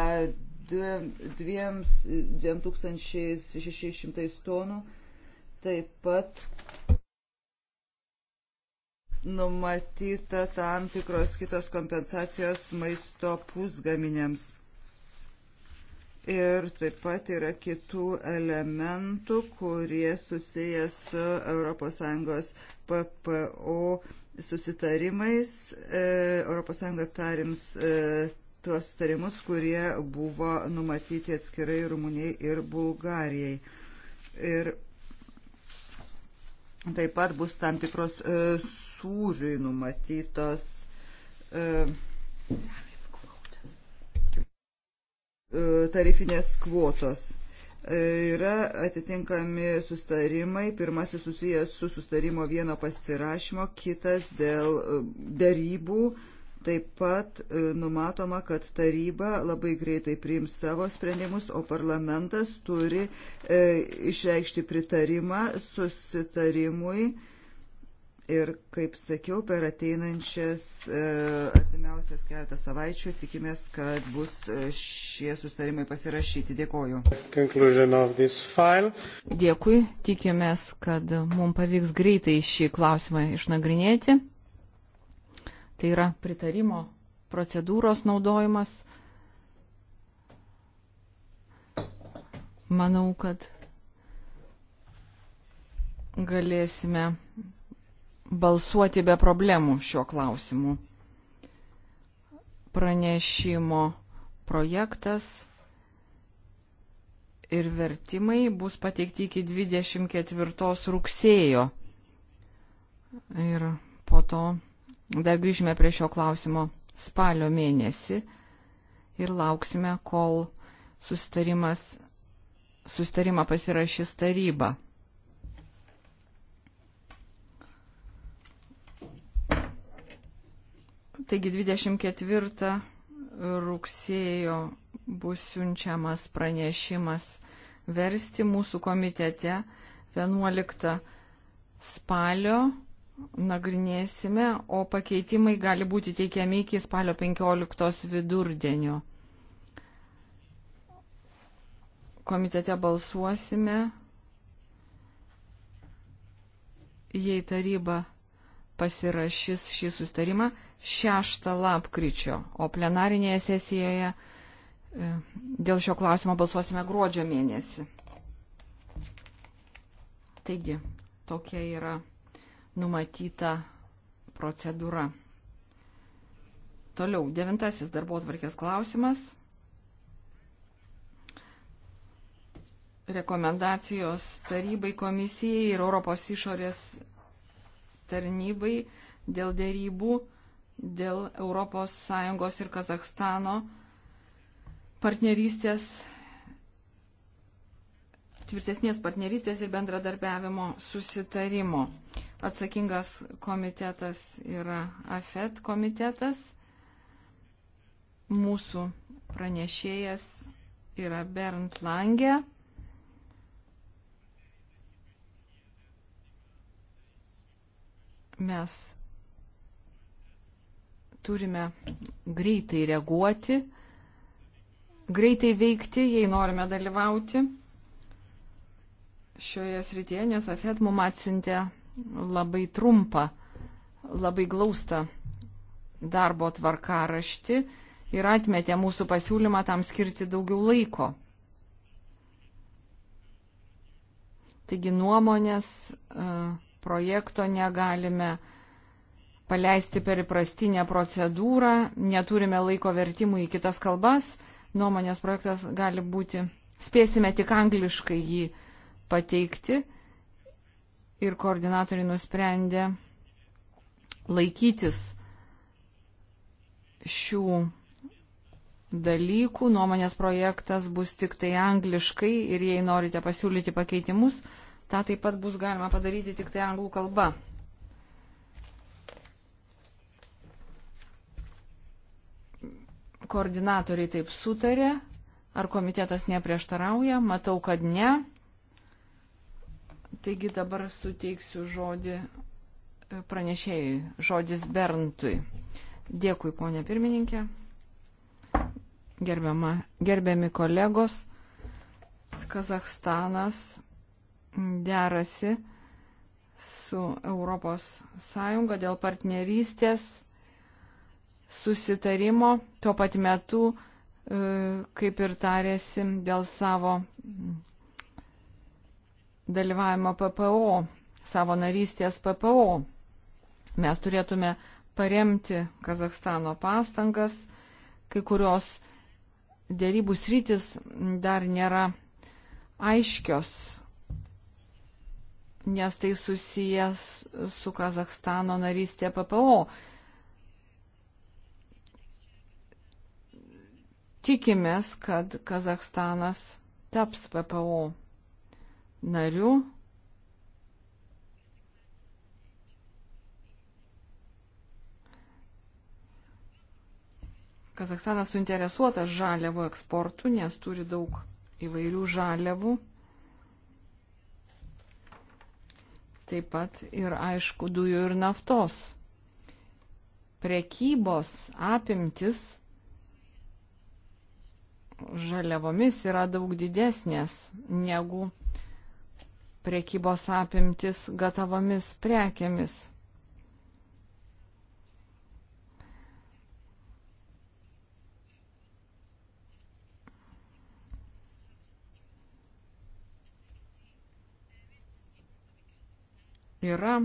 2600 tonų. Taip pat numatyta tam tikros kitos kompensacijos maisto pusgaminiams. Ir taip pat yra kitų elementų, kurie susiję su ES PPO susitarimais. ES perims tuos tarimus, kurie buvo numatyti atskirai Rumunijai ir Bulgarijai. Ir taip pat bus tam tikros e, sūriui numatytos e, e tarifinės kvotos. E, yra atitinkami sustarimai, pirmasis susijęs su sustarimo vieno pasirašymo, kitas dėl darybų, e, Taip pat e, numatoma, kad taryba labai greitai priims savo sprendimus, o parlamentas turi e, išreikšti pritarimą susitarimui. Ir, kaip sakiau, per ateinančias e, artimiausias keletą savaičių tikimės, kad bus e, šie sustarimai pasirašyti. Dėkoju. Dėkui, tikimės, kad mums pavyks greitai šį klausimą išnagrinėti tai yra pritarimo procedūros naudojimas. Manau, kad galėsime balsuoti be problemų šiuo klausimu. Pranešimo projektas ir vertimai bus pateikti iki 24 rugsėjo. Ir po to Dar grįžime prie šio klausimo spalio mėnesį ir lauksime, kol sustarimas, sustarimą pasirašys taryba. Taigi 24 rugsėjo bus siunčiamas pranešimas versti mūsų komitete 11 spalio nagrinėsime, o pakeitimai gali būti teikiami iki spalio 15 vidurdienio. Komitete balsuosime, jei taryba pasirašys šį sustarimą 6 lapkričio, o plenarinėje sesijoje e, dėl šio klausimo balsuosime gruodžio mėnesį. Taigi, tokia yra numatyta procedūra. Toliau, devintasis darbo atvarkės klausimas. Rekomendacijos tarybai, komisijai ir Europos išorės tarnybai dėl dėrybų dėl ES ir Kazakstano partnerystės, tvirtesnės partnerystės ir bendradarbiavimo susitarimo atsakingas komitetas yra AFET komitetas. Mūsų pranešėjas yra Bernd Lange. Mes turime greitai reaguoti, greitai veikti, jei norime dalyvauti šioje srityje, nes AFET mum atsiuntė labai trumpą, labai glaustą darbo tvarkaraštį ir atmetė mūsų pasiūlymą tam skirti daugiau laiko. Taigi nuomonės e, projekto negalime paleisti per įprastinę procedūrą, neturime laiko vertimų į kitas kalbas, nuomonės projektas gali būti, spėsime tik angliškai jį pateikti ir koordinatoriai nusprendė laikytis šių dalykų. Nuomonės projektas bus tik tai angliškai ir jei norite pasiūlyti pakeitimus, tą taip pat bus galima padaryti tik tai anglų kalba. Koordinatoriai taip sutarė. Ar komitetas neprieštarauja? Matau, kad ne. Taigi dabar suteiksiu žodį e, pranešėjui, žodis Berntui. Dėkui, ponė pirmininkė. Gerbiama, gerbiami kolegos, Kazahstanas derasi su Europos Sąjunga dėl partnerystės susitarimo tuo pat metu, e, kaip ir tarėsi dėl savo dalyvavimo PPO, savo narystės PPO. Mes turėtume paremti Kazakstano pastangas, kai kurios dėrybų sritis dar nėra aiškios, nes tai susijęs su Kazakstano narystė PPO. Tikimės, kad Kazakstanas taps PPO narių. Kazakstanas suinteresuotas žaliavų eksportu, nes turi daug įvairių žaliavų. Taip pat ir aišku dujų ir naftos. Prekybos apimtis žaliavomis yra daug didesnės negu priekybos apimtis gatavomis prekiamis. Yra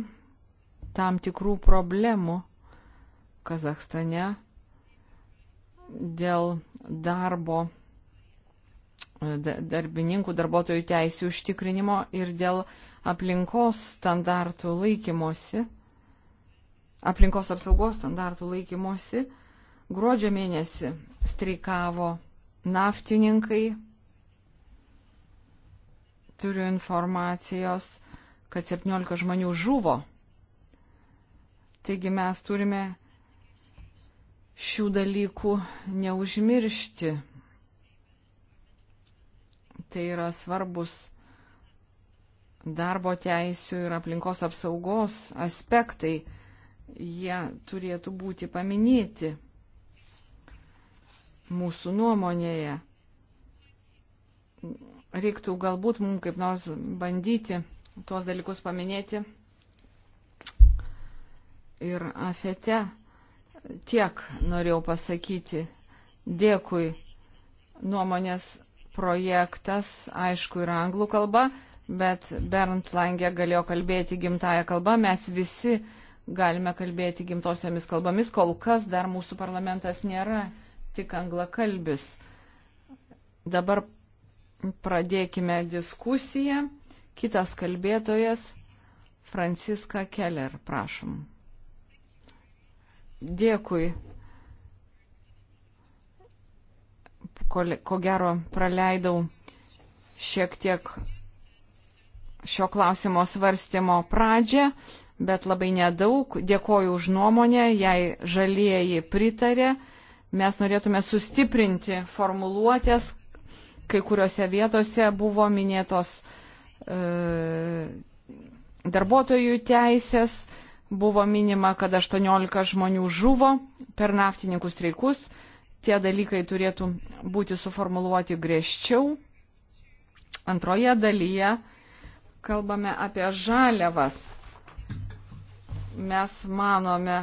tam tikrų problemų Kazakstane dėl darbo darbininkų darbuotojų teisų užtikrinimo ir dėl aplinkos standartų laikymosi, aplinkos apsaugos standartų laikymosi. Gruodžio mėnesį streikavo naftininkai. Turiu informacijos, kad 17 žmonių žuvo. Taigi mes turime šių dalykų neužmiršti tai yra svarbus darbo teisų ir aplinkos apsaugos aspektai, jie turėtų būti paminėti mūsų nuomonėje. Reiktų galbūt mums kaip nors bandyti tuos dalykus paminėti ir afete. Tiek norėjau pasakyti. Dėkui nuomonės projektas, aišku, yra anglų kalba, bet Bernd Langė galėjo kalbėti gimtają kalbą, mes visi galime kalbėti gimtosiomis kalbomis, kol kas dar mūsų parlamentas nėra tik anglakalbis. Dabar pradėkime diskusiją. Kitas kalbėtojas Franciska Keller, prašom. Dėkui. ko gero praleidau šiek tiek šio klausimo svarstymo pradžią, bet labai nedaug. Dėkoju už nuomonę, jei žalieji pritarė. Mes norėtume sustiprinti formuluotės, kai kuriuose vietose buvo minėtos e, darbuotojų teisės, buvo minima, kad 18 žmonių žuvo per naftininkų streikus. E, Tie dalykai turėtų būti suformuluoti griežčiau. Antroje dalyje kalbame apie žaliavas. Mes manome,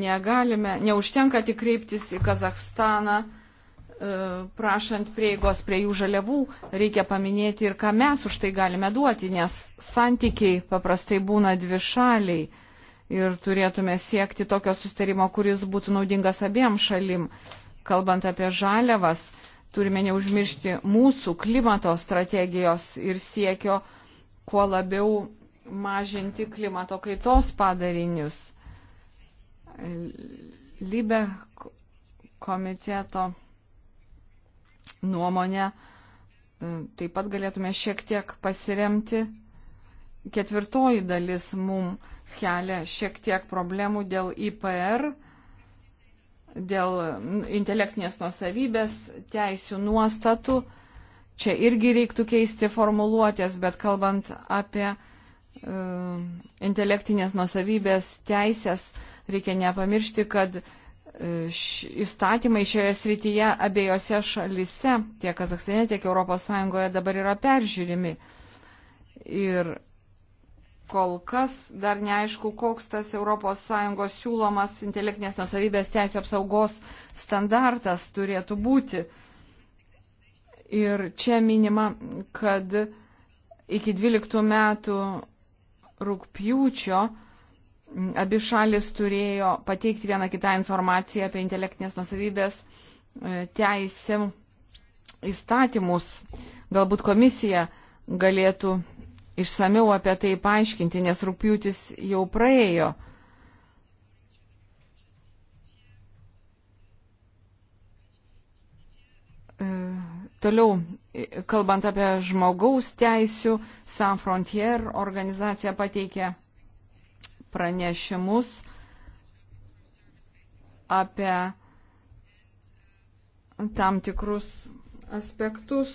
negalime, neužtenka tik kreiptis į Kazahstaną, e, prašant prieigos prie jų žaliavų, reikia paminėti ir ką mes už tai galime duoti, nes santykiai paprastai būna dvi šaliai ir turėtume siekti tokio sustarimo, kuris būtų naudingas abiem šalim. Kalbant apie žaliavas, turime neužmiršti mūsų klimato strategijos ir siekio kuo labiau mažinti klimato kaitos padarinius. Libe komiteto nuomonę e, taip pat galėtume šiek tiek pasiremti. Ketvirtoji dalis mums kelia šiek tiek problemų dėl IPR, dėl intelektinės nusavybės teisių nuostatų. Čia irgi reiktų keisti formuluotės, bet kalbant apie uh, intelektinės nusavybės teisės, reikia nepamiršti, kad uh, e, š, įstatymai šioje srityje abiejose šalise, tiek Kazakstane, tiek ES dabar yra peržiūrimi. Ir kol kas dar neaišku, koks tas ES siūlomas intelektinės nusavybės teisų apsaugos standartas turėtų būti. Ir čia minima, kad iki 12 metų rūpjūčio abi šalis turėjo pateikti vieną kitą informaciją apie intelektinės nusavybės e, teisėm įstatymus. Galbūt komisija galėtų išsamiau apie tai paaiškinti, nes rūpjūtis jau praėjo. E, toliau, kalbant apie žmogaus teisų, San Frontier organizacija pateikė pranešimus apie tam tikrus aspektus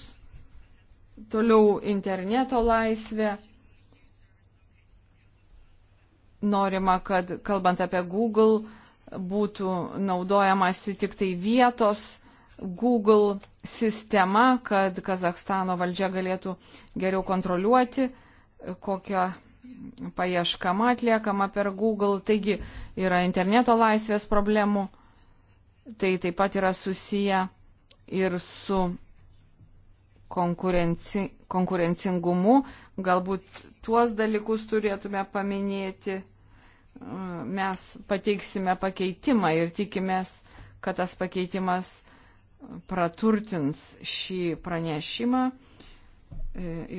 Toliau interneto laisvė. Norima, kad kalbant apie Google, būtų naudojamasi tik tai vietos Google sistema, kad Kazakstano valdžia galėtų geriau kontroliuoti, kokią paieškama atliekama per Google. Taigi yra interneto laisvės problemų. Tai taip pat yra susiję ir su konkurenci, konkurencingumu, galbūt tuos dalykus turėtume paminėti. Mes pateiksime pakeitimą ir tikimės, kad tas pakeitimas praturtins šį pranešimą e,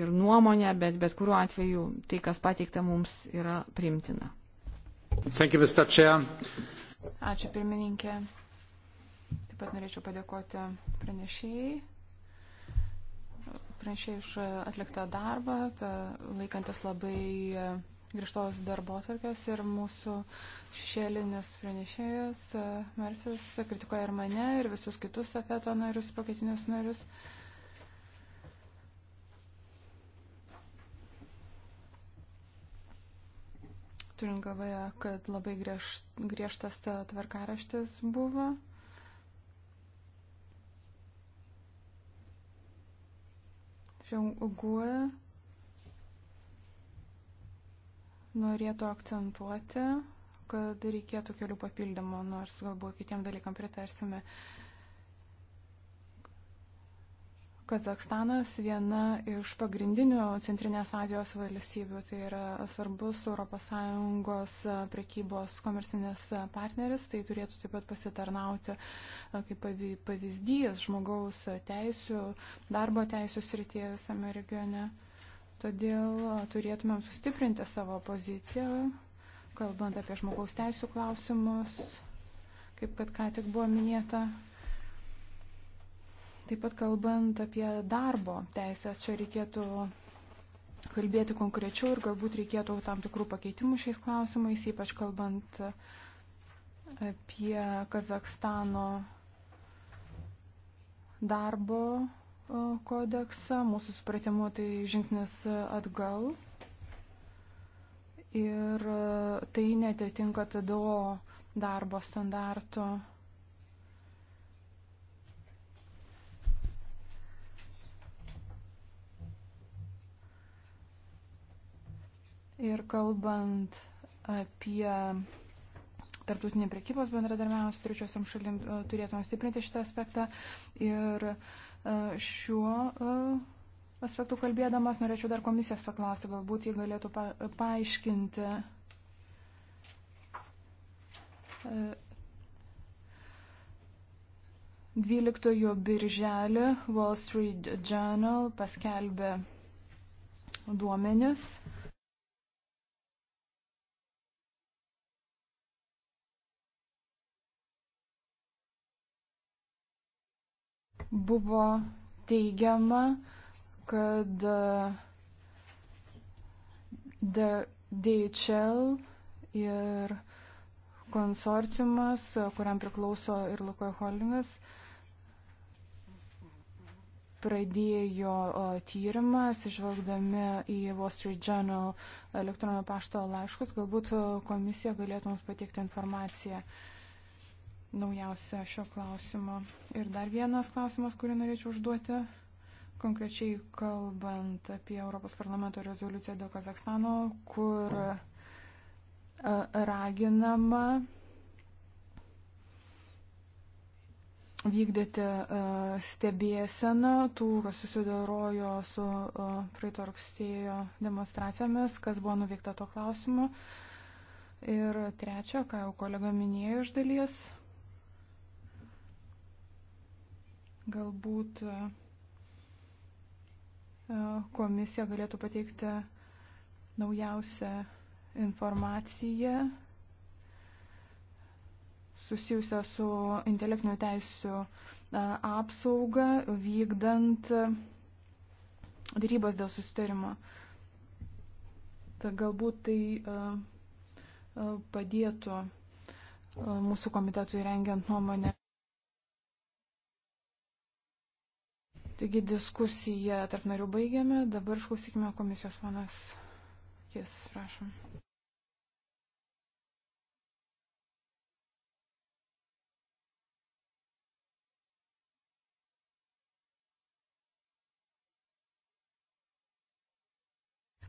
ir nuomonę, bet bet kuriuo atveju tai, kas pateikta mums, yra primtina. You, Ačiū pirmininkė. Taip pat norėčiau padėkoti pranešėjai pranešėjai už e, atliktą darbą, laikantis labai e, grįžtos darbo atvarkės ir mūsų šėlinis pranešėjas e, Merfis kritikuoja ir mane, ir visus kitus afeto narius, paketinius narius. Turint galvoje, kad labai griež, griežtas tvarkaraštis buvo. Šiandien GUE norėtų akcentuoti, kad reikėtų kelių papildymų, nors galbūt kitiem dalykam pritarsime. Uh, Kazakstanas viena iš pagrindinių Centrinės Azijos valstybių, tai yra svarbus ES prekybos komersinės partneris, tai turėtų taip pat pasitarnauti kaip pavyzdys žmogaus teisų, darbo teisų srityje visame regione. Todėl turėtumėm sustiprinti savo poziciją, kalbant apie žmogaus teisų klausimus, kaip kad ką tik buvo minėta. Taip pat kalbant apie darbo teisės, čia reikėtų kalbėti konkrečiau ir galbūt reikėtų tam tikrų pakeitimų šiais klausimais, ypač kalbant apie Kazakstano darbo e, kodeksą. Mūsų supratimu tai žingsnis atgal. Ir e, tai netitinka TDO darbo standarto Ir kalbant apie tarptautinį prekybos bendradarbiavimą su trečiosiam šalim, e, turėtume stiprinti šitą aspektą. Ir e, šiuo e, aspektu kalbėdamas norėčiau dar komisijos paklausti, galbūt jie galėtų pa paaiškinti. Dvyliktojo birželį Wall Street Journal paskelbė duomenis, uh, buvo teigiama, kad e, DHL ir konsorciumas, kuriam priklauso ir Lukoje holdingas, pradėjo tyrimą, atsižvelgdami į Wall Street Journal elektroninio pašto laiškus. Galbūt komisija galėtų mums pateikti informaciją. Uh, naujausia šio klausimo. Ir dar vienas klausimas, kurį norėčiau užduoti, konkrečiai kalbant apie Europos parlamento rezoliuciją dėl Kazakstano, kur e, raginama vykdyti e, stebėseną tų, kas susidorojo su e, praeito rugsėjo demonstracijomis, kas buvo nuveikta to klausimu. Ir trečia, ką jau kolega minėjo iš dalies, Galbūt e, e, komisija galėtų pateikti naujausią informaciją susijusią su intelektinių teisų e, apsauga, vykdant darybas dėl susitarimo. Ta, galbūt tai padėtų mūsų komitetui rengiant nuomonę. Taigi diskusiją tarp narių baigiame. Dabar išklausykime komisijos panas Kis, prašom.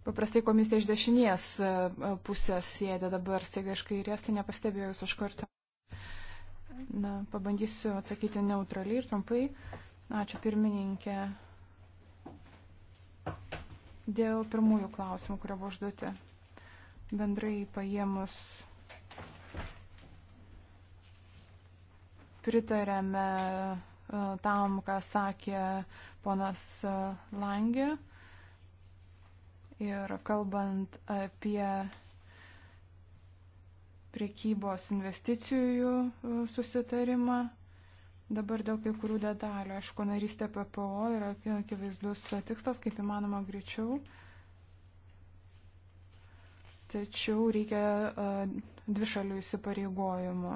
Paprastai komisija iš dešinės e, e, pusės sėdė dabar, staiga iš kairės, tai nepastebėjau jūs iš karto. Na, pabandysiu atsakyti neutraliai ir trumpai. Uh, Ačiū pirmininkė. Dėl pirmųjų klausimų, kurie buvo užduoti, bendrai paėmus pritarėme e, tam, ką sakė ponas e, Langė. Ir kalbant apie priekybos investicijų e, susitarimą, Dabar dėl kai kurių detalių. Aišku, narystė PPO yra akivaizdus tikslas, kaip įmanoma greičiau. Tačiau reikia e, dvi šalių įsipareigojimo.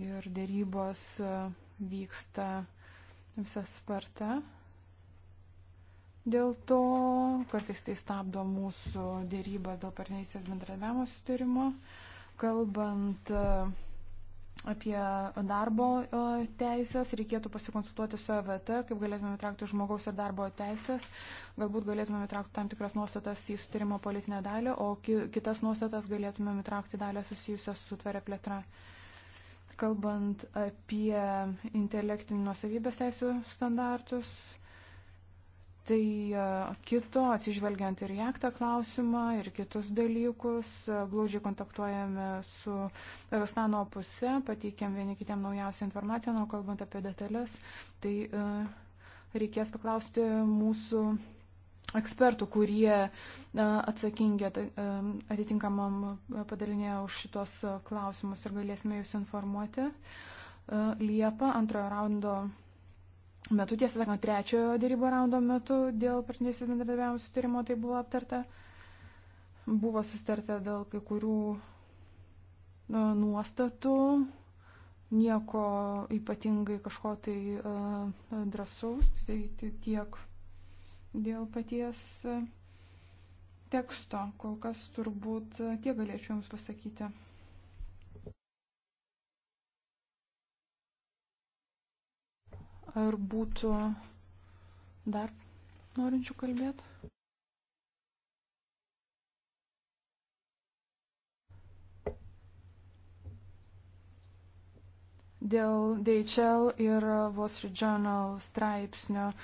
Ir dėrybos e, vyksta visą spartą. Dėl to kartais tai stabdo mūsų dėrybas dėl partnerystės bendradarbiavimo sutarimo. Kalbant uh, apie darbo e, teisės, reikėtų pasikonsultuoti su EVT, kaip galėtume traukti žmogaus ir darbo teisės, galbūt galėtume traukti tam tikras nuostatas į sutarimo politinę dalį, o kitas nuostatas galėtume traukti dalę susijusias su tvaria plėtra. Kalbant apie intelektinių nuosavybės teisų standartus, Tai e, kito, atsižvelgiant ir į aktą klausimą, ir kitus dalykus, e, glaudžiai kontaktuojame su Vestano puse, pateikėm vieni kitiem naujausią informaciją, o kalbant apie detalės, tai e, reikės paklausti mūsų ekspertų, kurie atsakingi atitinkamam padalinėje už šitos klausimus ir galėsime jūs informuoti. Liepa antrojo raundo metu, tiesą sakant, trečiojo dėrybo raundo metu dėl partnerystės bendradarbiavimo sutarimo tai buvo aptarta. Buvo sustarta dėl kai kurių nuostatų, nieko ypatingai kažko tai e, drąsaus, tai, tai tiek dėl paties e, teksto. Kol kas turbūt e, tiek galėčiau Jums pasakyti. Ar būtų dar norinčių kalbėti? Dėl DHL ir Wall Street Journal straipsnio e,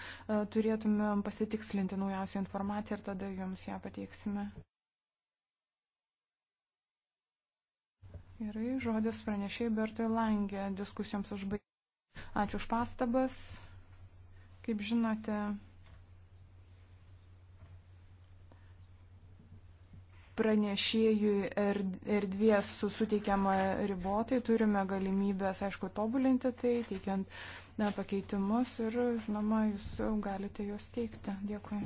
turėtumėm pasitikslinti naujausią informaciją ir tada jums ją pateiksime. Gerai, žodis pranešėjai Bertui Langė diskusijoms užbaigti. Ačiū už pastabas. Kaip žinote, pranešėjui erdvės suteikiama ribotai, turime galimybės, aišku, tobulinti tai, teikiant na, pakeitimus ir, žinoma, jūs galite juos teikti. Dėkui.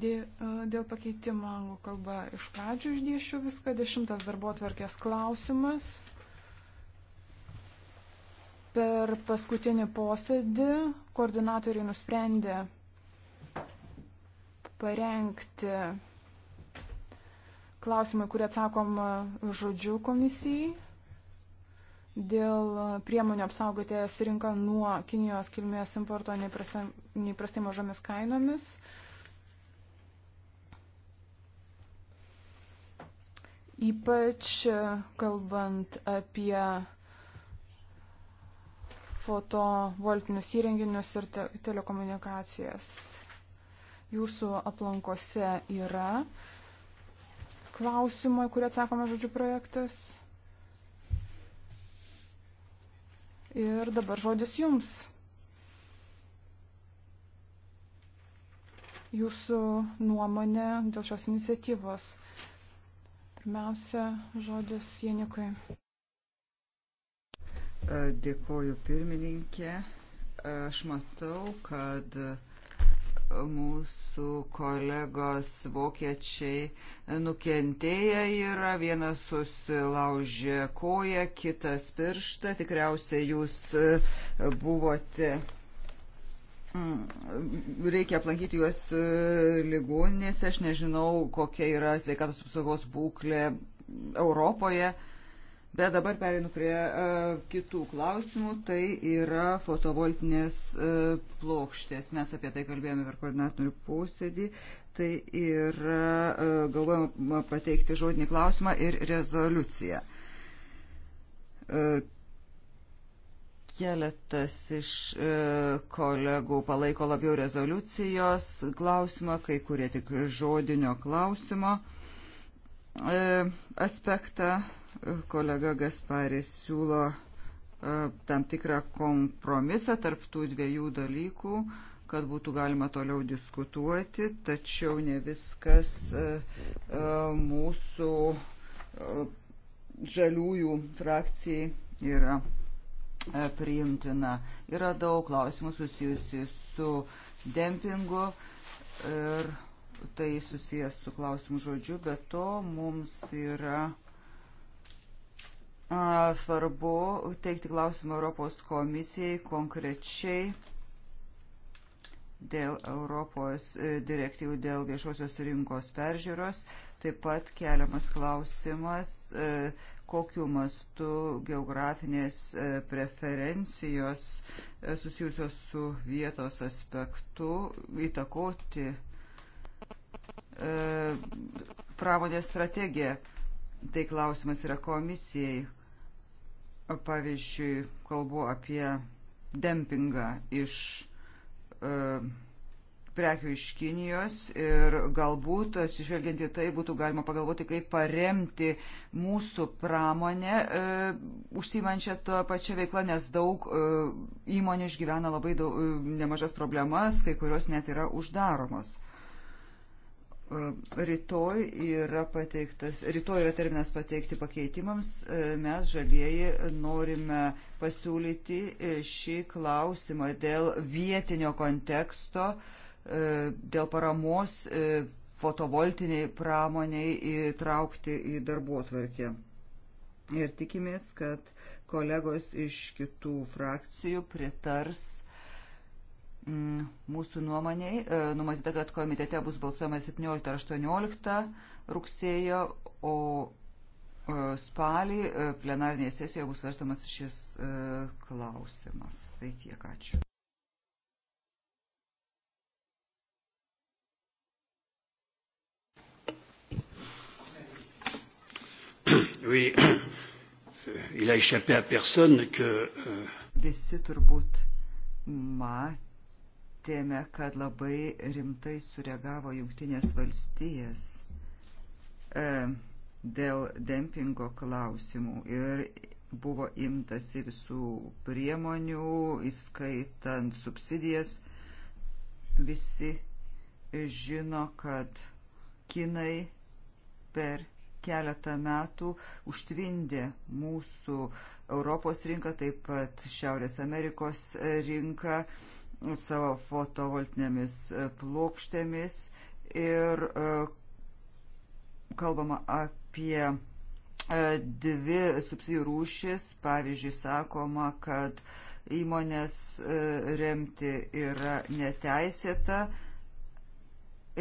Dėl pakeitimo anglų kalba iš pradžių išdėšiu viską. Dešimtas darbo atverkės klausimas. Per paskutinį posėdį koordinatoriai nusprendė parengti klausimai, kurie atsakom žodžių komisijai dėl priemonių apsaugoti rinką nuo Kinijos kilmės importo neįprastai mažomis kainomis. Uh, Ypač e, kalbant apie fotovoltinius įrenginius ir te telekomunikacijas. Jūsų aplankose yra klausimai, kurie atsakoma žodžiu projektas. Ir dabar žodis jums. Jūsų nuomonė dėl šios iniciatyvos. Pirmiausia, žodis Janikui. E, dėkoju pirmininkė. E, aš matau, kad mūsų kolegos vokiečiai nukentėję yra, vienas susilaužė koją, kitas pirštą, tikriausiai jūs buvote Mm, reikia aplankyti juos e, ligoninėse, aš nežinau, kokia yra sveikatos apsaugos būklė Europoje, bet dabar pereinu prie e, kitų klausimų, tai yra fotovoltinės e, plokštės, mes apie tai kalbėjome per koordinatorių posėdį, tai yra galvojama pateikti žodinį klausimą ir rezoliuciją Keletas iš e, kolegų palaiko labiau rezoliucijos klausimą, kai kurie tik žodinio klausimo e, aspektą. Kolega Gasparis siūlo e, tam tikrą kompromisą tarptų dviejų dalykų, kad būtų galima toliau diskutuoti, tačiau ne viskas mūsų žaliųjų frakcijai yra E, priimtina. Yra daug klausimų susijusių su dempingu ir tai susijęs su klausimų žodžiu, bet to mums yra a, svarbu teikti klausimą Europos komisijai konkrečiai dėl Europos e, direktyvų dėl viešosios rinkos peržiūros. Taip pat keliamas klausimas. A, e, kokiu mastu geografinės e, preferencijos e, susijusios su vietos aspektu įtakoti e, pramonės strategiją. Tai klausimas yra komisijai. Pavyzdžiui, kalbu apie dempingą iš uh, prekių iš Kinijos ir galbūt atsižvelgiant į tai būtų galima pagalvoti, kaip paremti mūsų pramonę e, užsimančią tą pačią veiklą, nes daug e, įmonių išgyvena labai daug, e, nemažas problemas, kai kurios net yra uždaromos. E, rytoj yra, pateiktas, rytoj yra terminas pateikti pakeitimams. E, mes žalieji norime pasiūlyti e, šį klausimą dėl vietinio konteksto. Uh, E, dėl paramos e, fotovoltiniai pramoniai įtraukti į darbuotvarkę. Ir tikimės, kad kolegos iš kitų frakcijų pritars mm, mūsų nuomoniai. E, numatyta, kad komitete bus balsuojama 17-18 rugsėjo, o spalį plenarnėje sesijoje bus svarstamas šis klausimas. Tai tiek ačiū. Oui, il a échappé à personne que. Euh, Visi turbūt matėme, kad labai rimtai sureagavo Junktinės valstijas e, dėl dempingo klausimų ir buvo imtasi visų priemonių, įskaitant subsidijas. Visi žino, kad Kinai per keletą metų užtvindė mūsų Europos rinką, taip pat Šiaurės Amerikos rinką savo fotovoltinėmis e, plokštėmis ir e, kalbama apie e, dvi subsidijų rūšis, pavyzdžiui, sakoma, kad įmonės remti yra neteisėta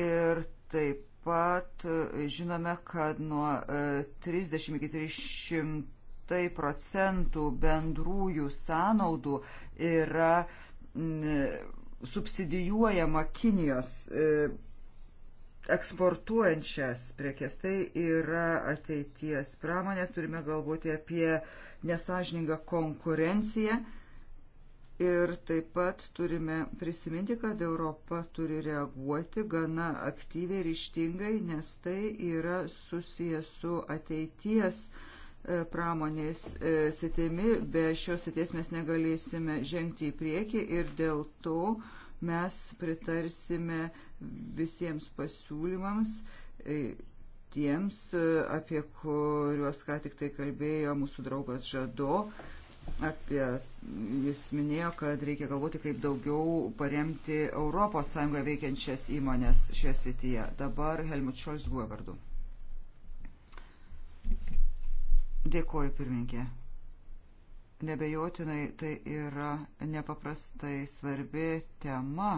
ir taip pat e, žinome, kad nuo 30 e, iki 300 procentų bendrųjų sąnaudų yra e, subsidijuojama Kinijos eksportuojančias prekes. Tai yra ateities pramonė, turime galvoti apie nesažiningą konkurenciją Ir taip pat turime prisiminti, kad Europa turi reaguoti gana aktyviai ir ištingai, nes tai yra susijęs su ateities e, pramonės e, sitimi, be šios sities mes negalėsime žengti į priekį ir dėl to mes pritarsime visiems pasiūlymams, e, tiems, apie kuriuos ką tik tai kalbėjo mūsų draugas Žado, apie, jis minėjo, kad reikia galvoti, kaip daugiau paremti ES veikiančias įmonės šioje srityje. Dabar Helmut Scholz buvo e vardu. Dėkuoju, pirmininkė. Nebejotinai tai yra nepaprastai svarbi tema.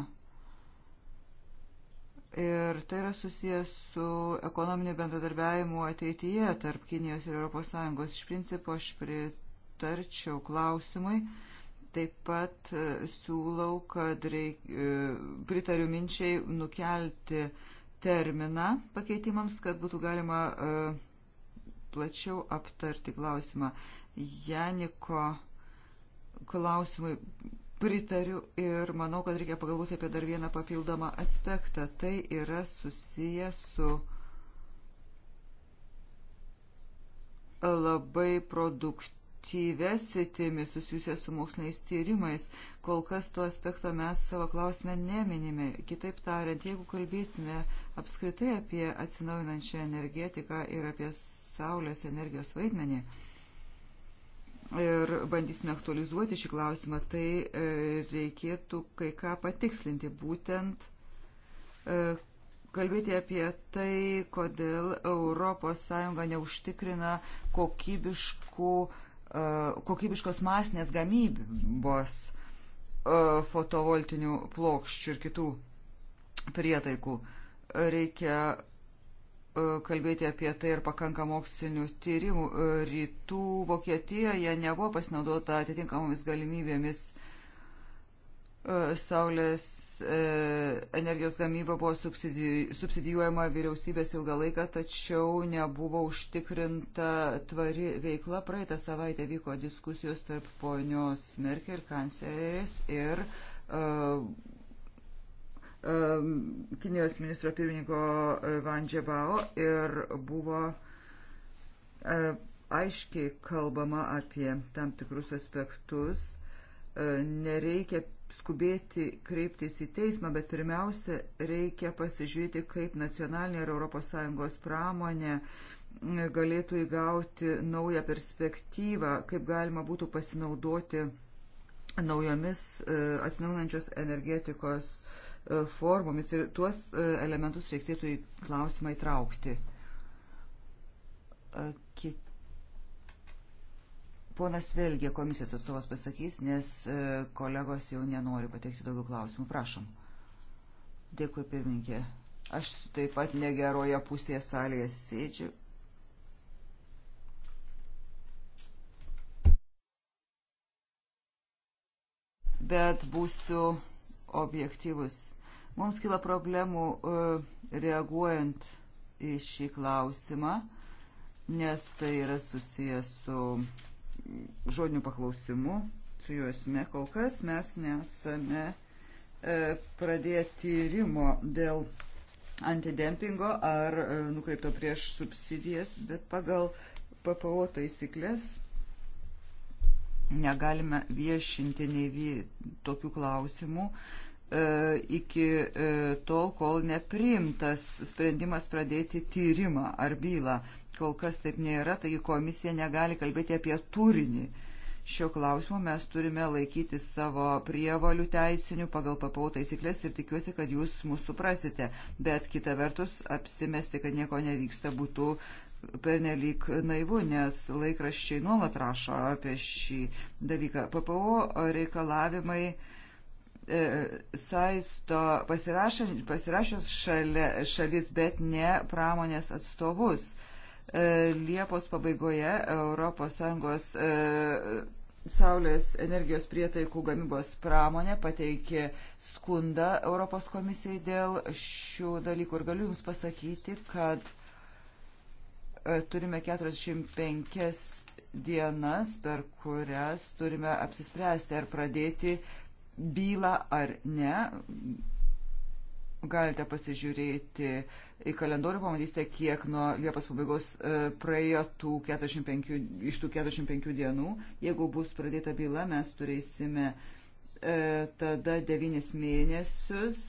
Ir tai yra susijęs su ekonominiu bendradarbiavimu ateityje tarp Kinijos ir ES. Iš principo aš pritariu pritarčiau klausimui. Taip pat e, siūlau, kad reik, e, pritariu minčiai nukelti terminą pakeitimams, kad būtų galima e, plačiau aptarti klausimą. Janiko klausimui pritariu ir manau, kad reikia pagalvoti apie dar vieną papildomą aspektą. Tai yra susiję su labai produktyviu aktyves sritimis susijusias su moksliniais tyrimais. Kol kas to aspekto mes savo klausime neminime. Kitaip tariant, jeigu kalbėsime apskritai apie atsinaujinančią energetiką ir apie saulės energijos vaidmenį, Ir bandysime aktualizuoti šį klausimą, tai e, reikėtų kai ką patikslinti, būtent e, kalbėti apie tai, kodėl ES neužtikrina kokybiškų uh, E, kokybiškos masinės gamybos e, fotovoltinių plokščių ir kitų prietaikų. Reikia e, kalbėti apie tai ir pakanka mokslinių tyrimų. Rytų Vokietijoje nebuvo pasinaudota atitinkamomis galimybėmis E, saulės e, energijos gamyba buvo subsidijuojama vyriausybės ilgą laiką, tačiau nebuvo užtikrinta tvari veikla. Praeitą savaitę vyko diskusijos tarp ponios Merkel kanclerės ir uh, Kinijos ministro pirmininko Van Džebao ir buvo aiškiai kalbama apie tam tikrus aspektus. Nereikia skubėti kreiptis į teismą, bet pirmiausia, reikia pasižiūrėti, kaip nacionalinė ir ES pramonė galėtų įgauti naują perspektyvą, kaip galima būtų pasinaudoti naujomis e, atsinaujančios energetikos e, formomis ir tuos e, elementus reikėtų į klausimą įtraukti. Kiti Ponas Velgė, komisijos atstovas pasakys, nes e, kolegos jau nenori pateikti daugiau klausimų. Prašom. Dėkui, pirminkė. Aš taip pat negeroje pusėje salėje sėdžiu. Bet būsiu objektyvus. Mums kila problemų e, reaguojant į šį klausimą, nes tai yra susijęs su žodinių paklausimų su juosme. Kol kas mes nesame e, pradėję tyrimo dėl antidempingo ar e, nukreipto prieš subsidijas, bet pagal PPO taisyklės negalime viešinti nei vie tokių klausimų e, iki tol, kol nepriimtas sprendimas pradėti tyrimą ar bylą kol kas taip nėra, taigi komisija negali kalbėti apie turinį. Šio klausimo mes turime laikyti savo prievalių teisinių pagal papau taisyklės ir tikiuosi, kad jūs mūsų suprasite. Bet kita vertus, apsimesti, kad nieko nevyksta, būtų pernelyg naivu, nes laikraščiai nuolat rašo apie šį dalyką. PPO reikalavimai e, saisto pasirašęs šalia, šalis, bet ne pramonės atstovus. E, E, Liepos pabaigoje ES e, Saulės energijos prietaikų gamybos pramonė pateikė skundą Europos komisijai dėl šių dalykų. Ir galiu Jums pasakyti, kad e, turime 45 dienas, per kurias turime apsispręsti ar pradėti bylą ar ne Galite pasižiūrėti į kalendorių, pamatysite, kiek nuo Liepos pabaigos e, praėjo tų 45, iš tų 45 dienų. Jeigu bus pradėta byla, mes turėsime e, tada 9 mėnesius,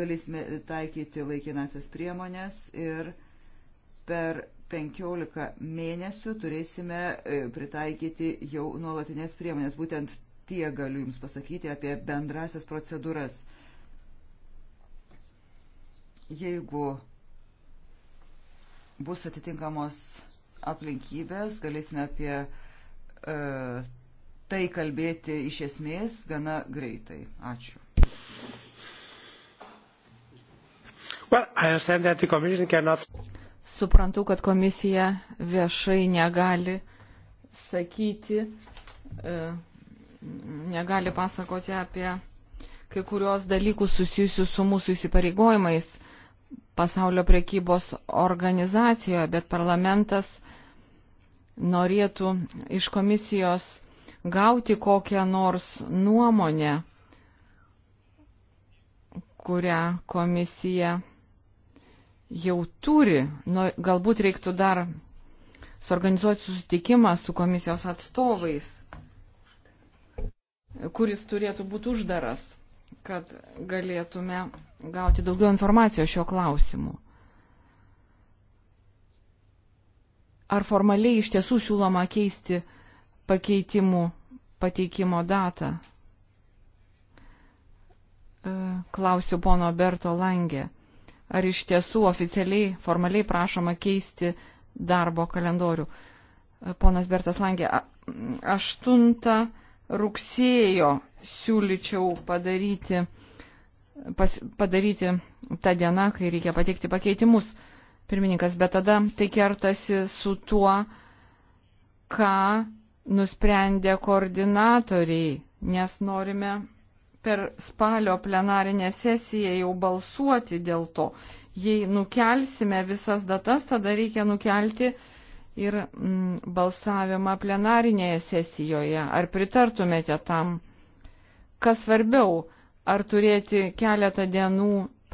galėsime taikyti laikinasias priemonės ir per 15 mėnesių turėsime e, pritaikyti jau nuolatinės priemonės. Būtent tie galiu Jums pasakyti apie bendrasias procedūras. Jeigu bus atitinkamos aplinkybės, galėsime apie e, tai kalbėti iš esmės gana greitai. Ačiū. Well, cannot... Suprantu, kad komisija viešai negali sakyti, e, negali pasakoti apie kai kurios dalykus susijusius su mūsų įsipareigojimais pasaulio priekybos organizacijoje, bet parlamentas norėtų iš komisijos gauti kokią nors nuomonę, kurią komisija jau turi. Nu, galbūt reiktų dar suorganizuoti susitikimą su komisijos atstovais, kuris turėtų būti uždaras, kad galėtume gauti daugiau informacijos šiuo klausimu. Ar formaliai iš tiesų siūloma keisti pakeitimų pateikimo datą? E, klausiu pono Berto Langė. Ar iš tiesų oficialiai, formaliai prašoma keisti darbo kalendorių? E, ponas Bertas Langė, 8 rugsėjo siūlyčiau padaryti pas, padaryti tą dieną, kai reikia pateikti pakeitimus pirmininkas, bet tada tai kertasi su tuo, ką nusprendė koordinatoriai, nes norime per spalio plenarinę sesiją jau balsuoti dėl to. Jei nukelsime visas datas, tada reikia nukelti ir mm, balsavimą plenarinėje sesijoje. Ar pritartumėte tam? Kas svarbiau, ar turėti keletą dienų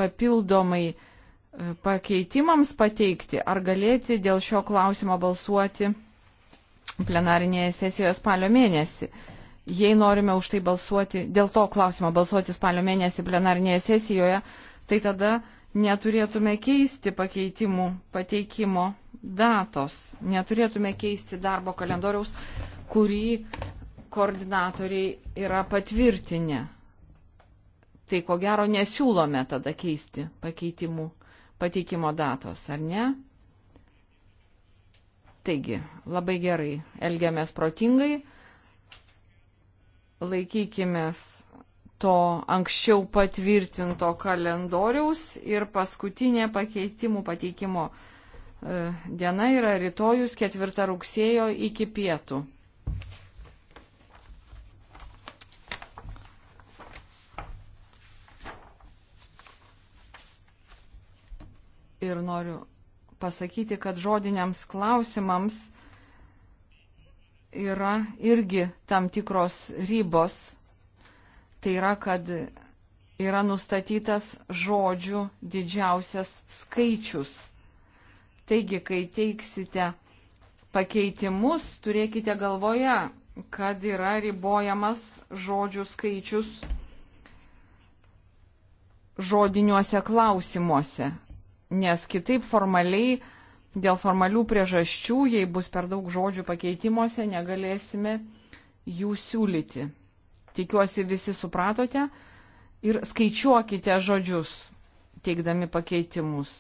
papildomai e, pakeitimams pateikti, ar galėti dėl šio klausimo balsuoti plenarinėje sesijoje spalio mėnesį. Jei norime už tai balsuoti, dėl to klausimo balsuoti spalio mėnesį plenarinėje sesijoje, tai tada neturėtume keisti pakeitimų pateikimo datos, neturėtume keisti darbo kalendoriaus, kurį koordinatoriai yra patvirtinę tai ko gero nesiūlome tada keisti pakeitimų pateikimo datos, ar ne? Taigi, labai gerai, elgiamės protingai, laikykimės to anksčiau patvirtinto kalendoriaus ir paskutinė pakeitimų pateikimo e, diena yra rytojus 4 rugsėjo iki pietų. ir noriu pasakyti, kad žodiniams klausimams yra irgi tam tikros ribos. Tai yra, kad yra nustatytas žodžių didžiausias skaičius. Taigi, kai teiksite pakeitimus, turėkite galvoje, kad yra ribojamas žodžių skaičius žodiniuose klausimuose nes kitaip formaliai, dėl formalių priežasčių, jei bus per daug žodžių pakeitimuose, negalėsime jų siūlyti. Tikiuosi visi supratote ir skaičiuokite žodžius, teikdami pakeitimus.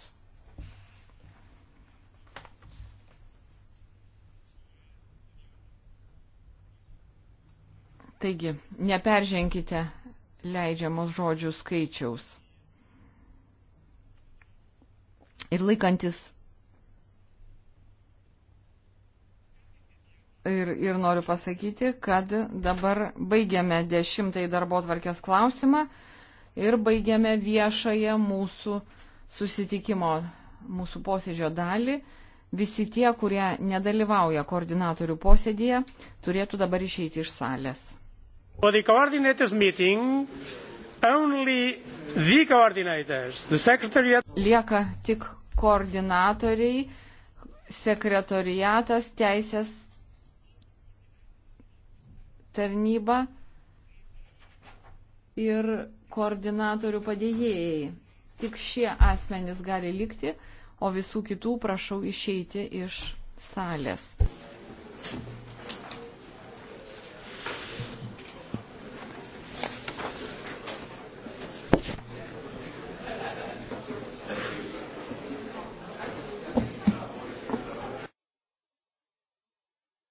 Taigi, neperženkite leidžiamos žodžių skaičiaus ir laikantis. Ir, ir noriu pasakyti, kad dabar baigiame dešimtąjį darbo tvarkės klausimą ir baigiame viešąją mūsų susitikimo, mūsų posėdžio dalį. Visi tie, kurie nedalyvauja koordinatorių posėdėje, turėtų dabar išeiti iš salės. For the coordinators meeting, Secretariat... Lieka tik koordinatoriai, sekretoriatas, teisės tarnyba ir koordinatorių padėjėjai. Tik šie asmenys gali likti, o visų kitų prašau išeiti iš salės. Thank you.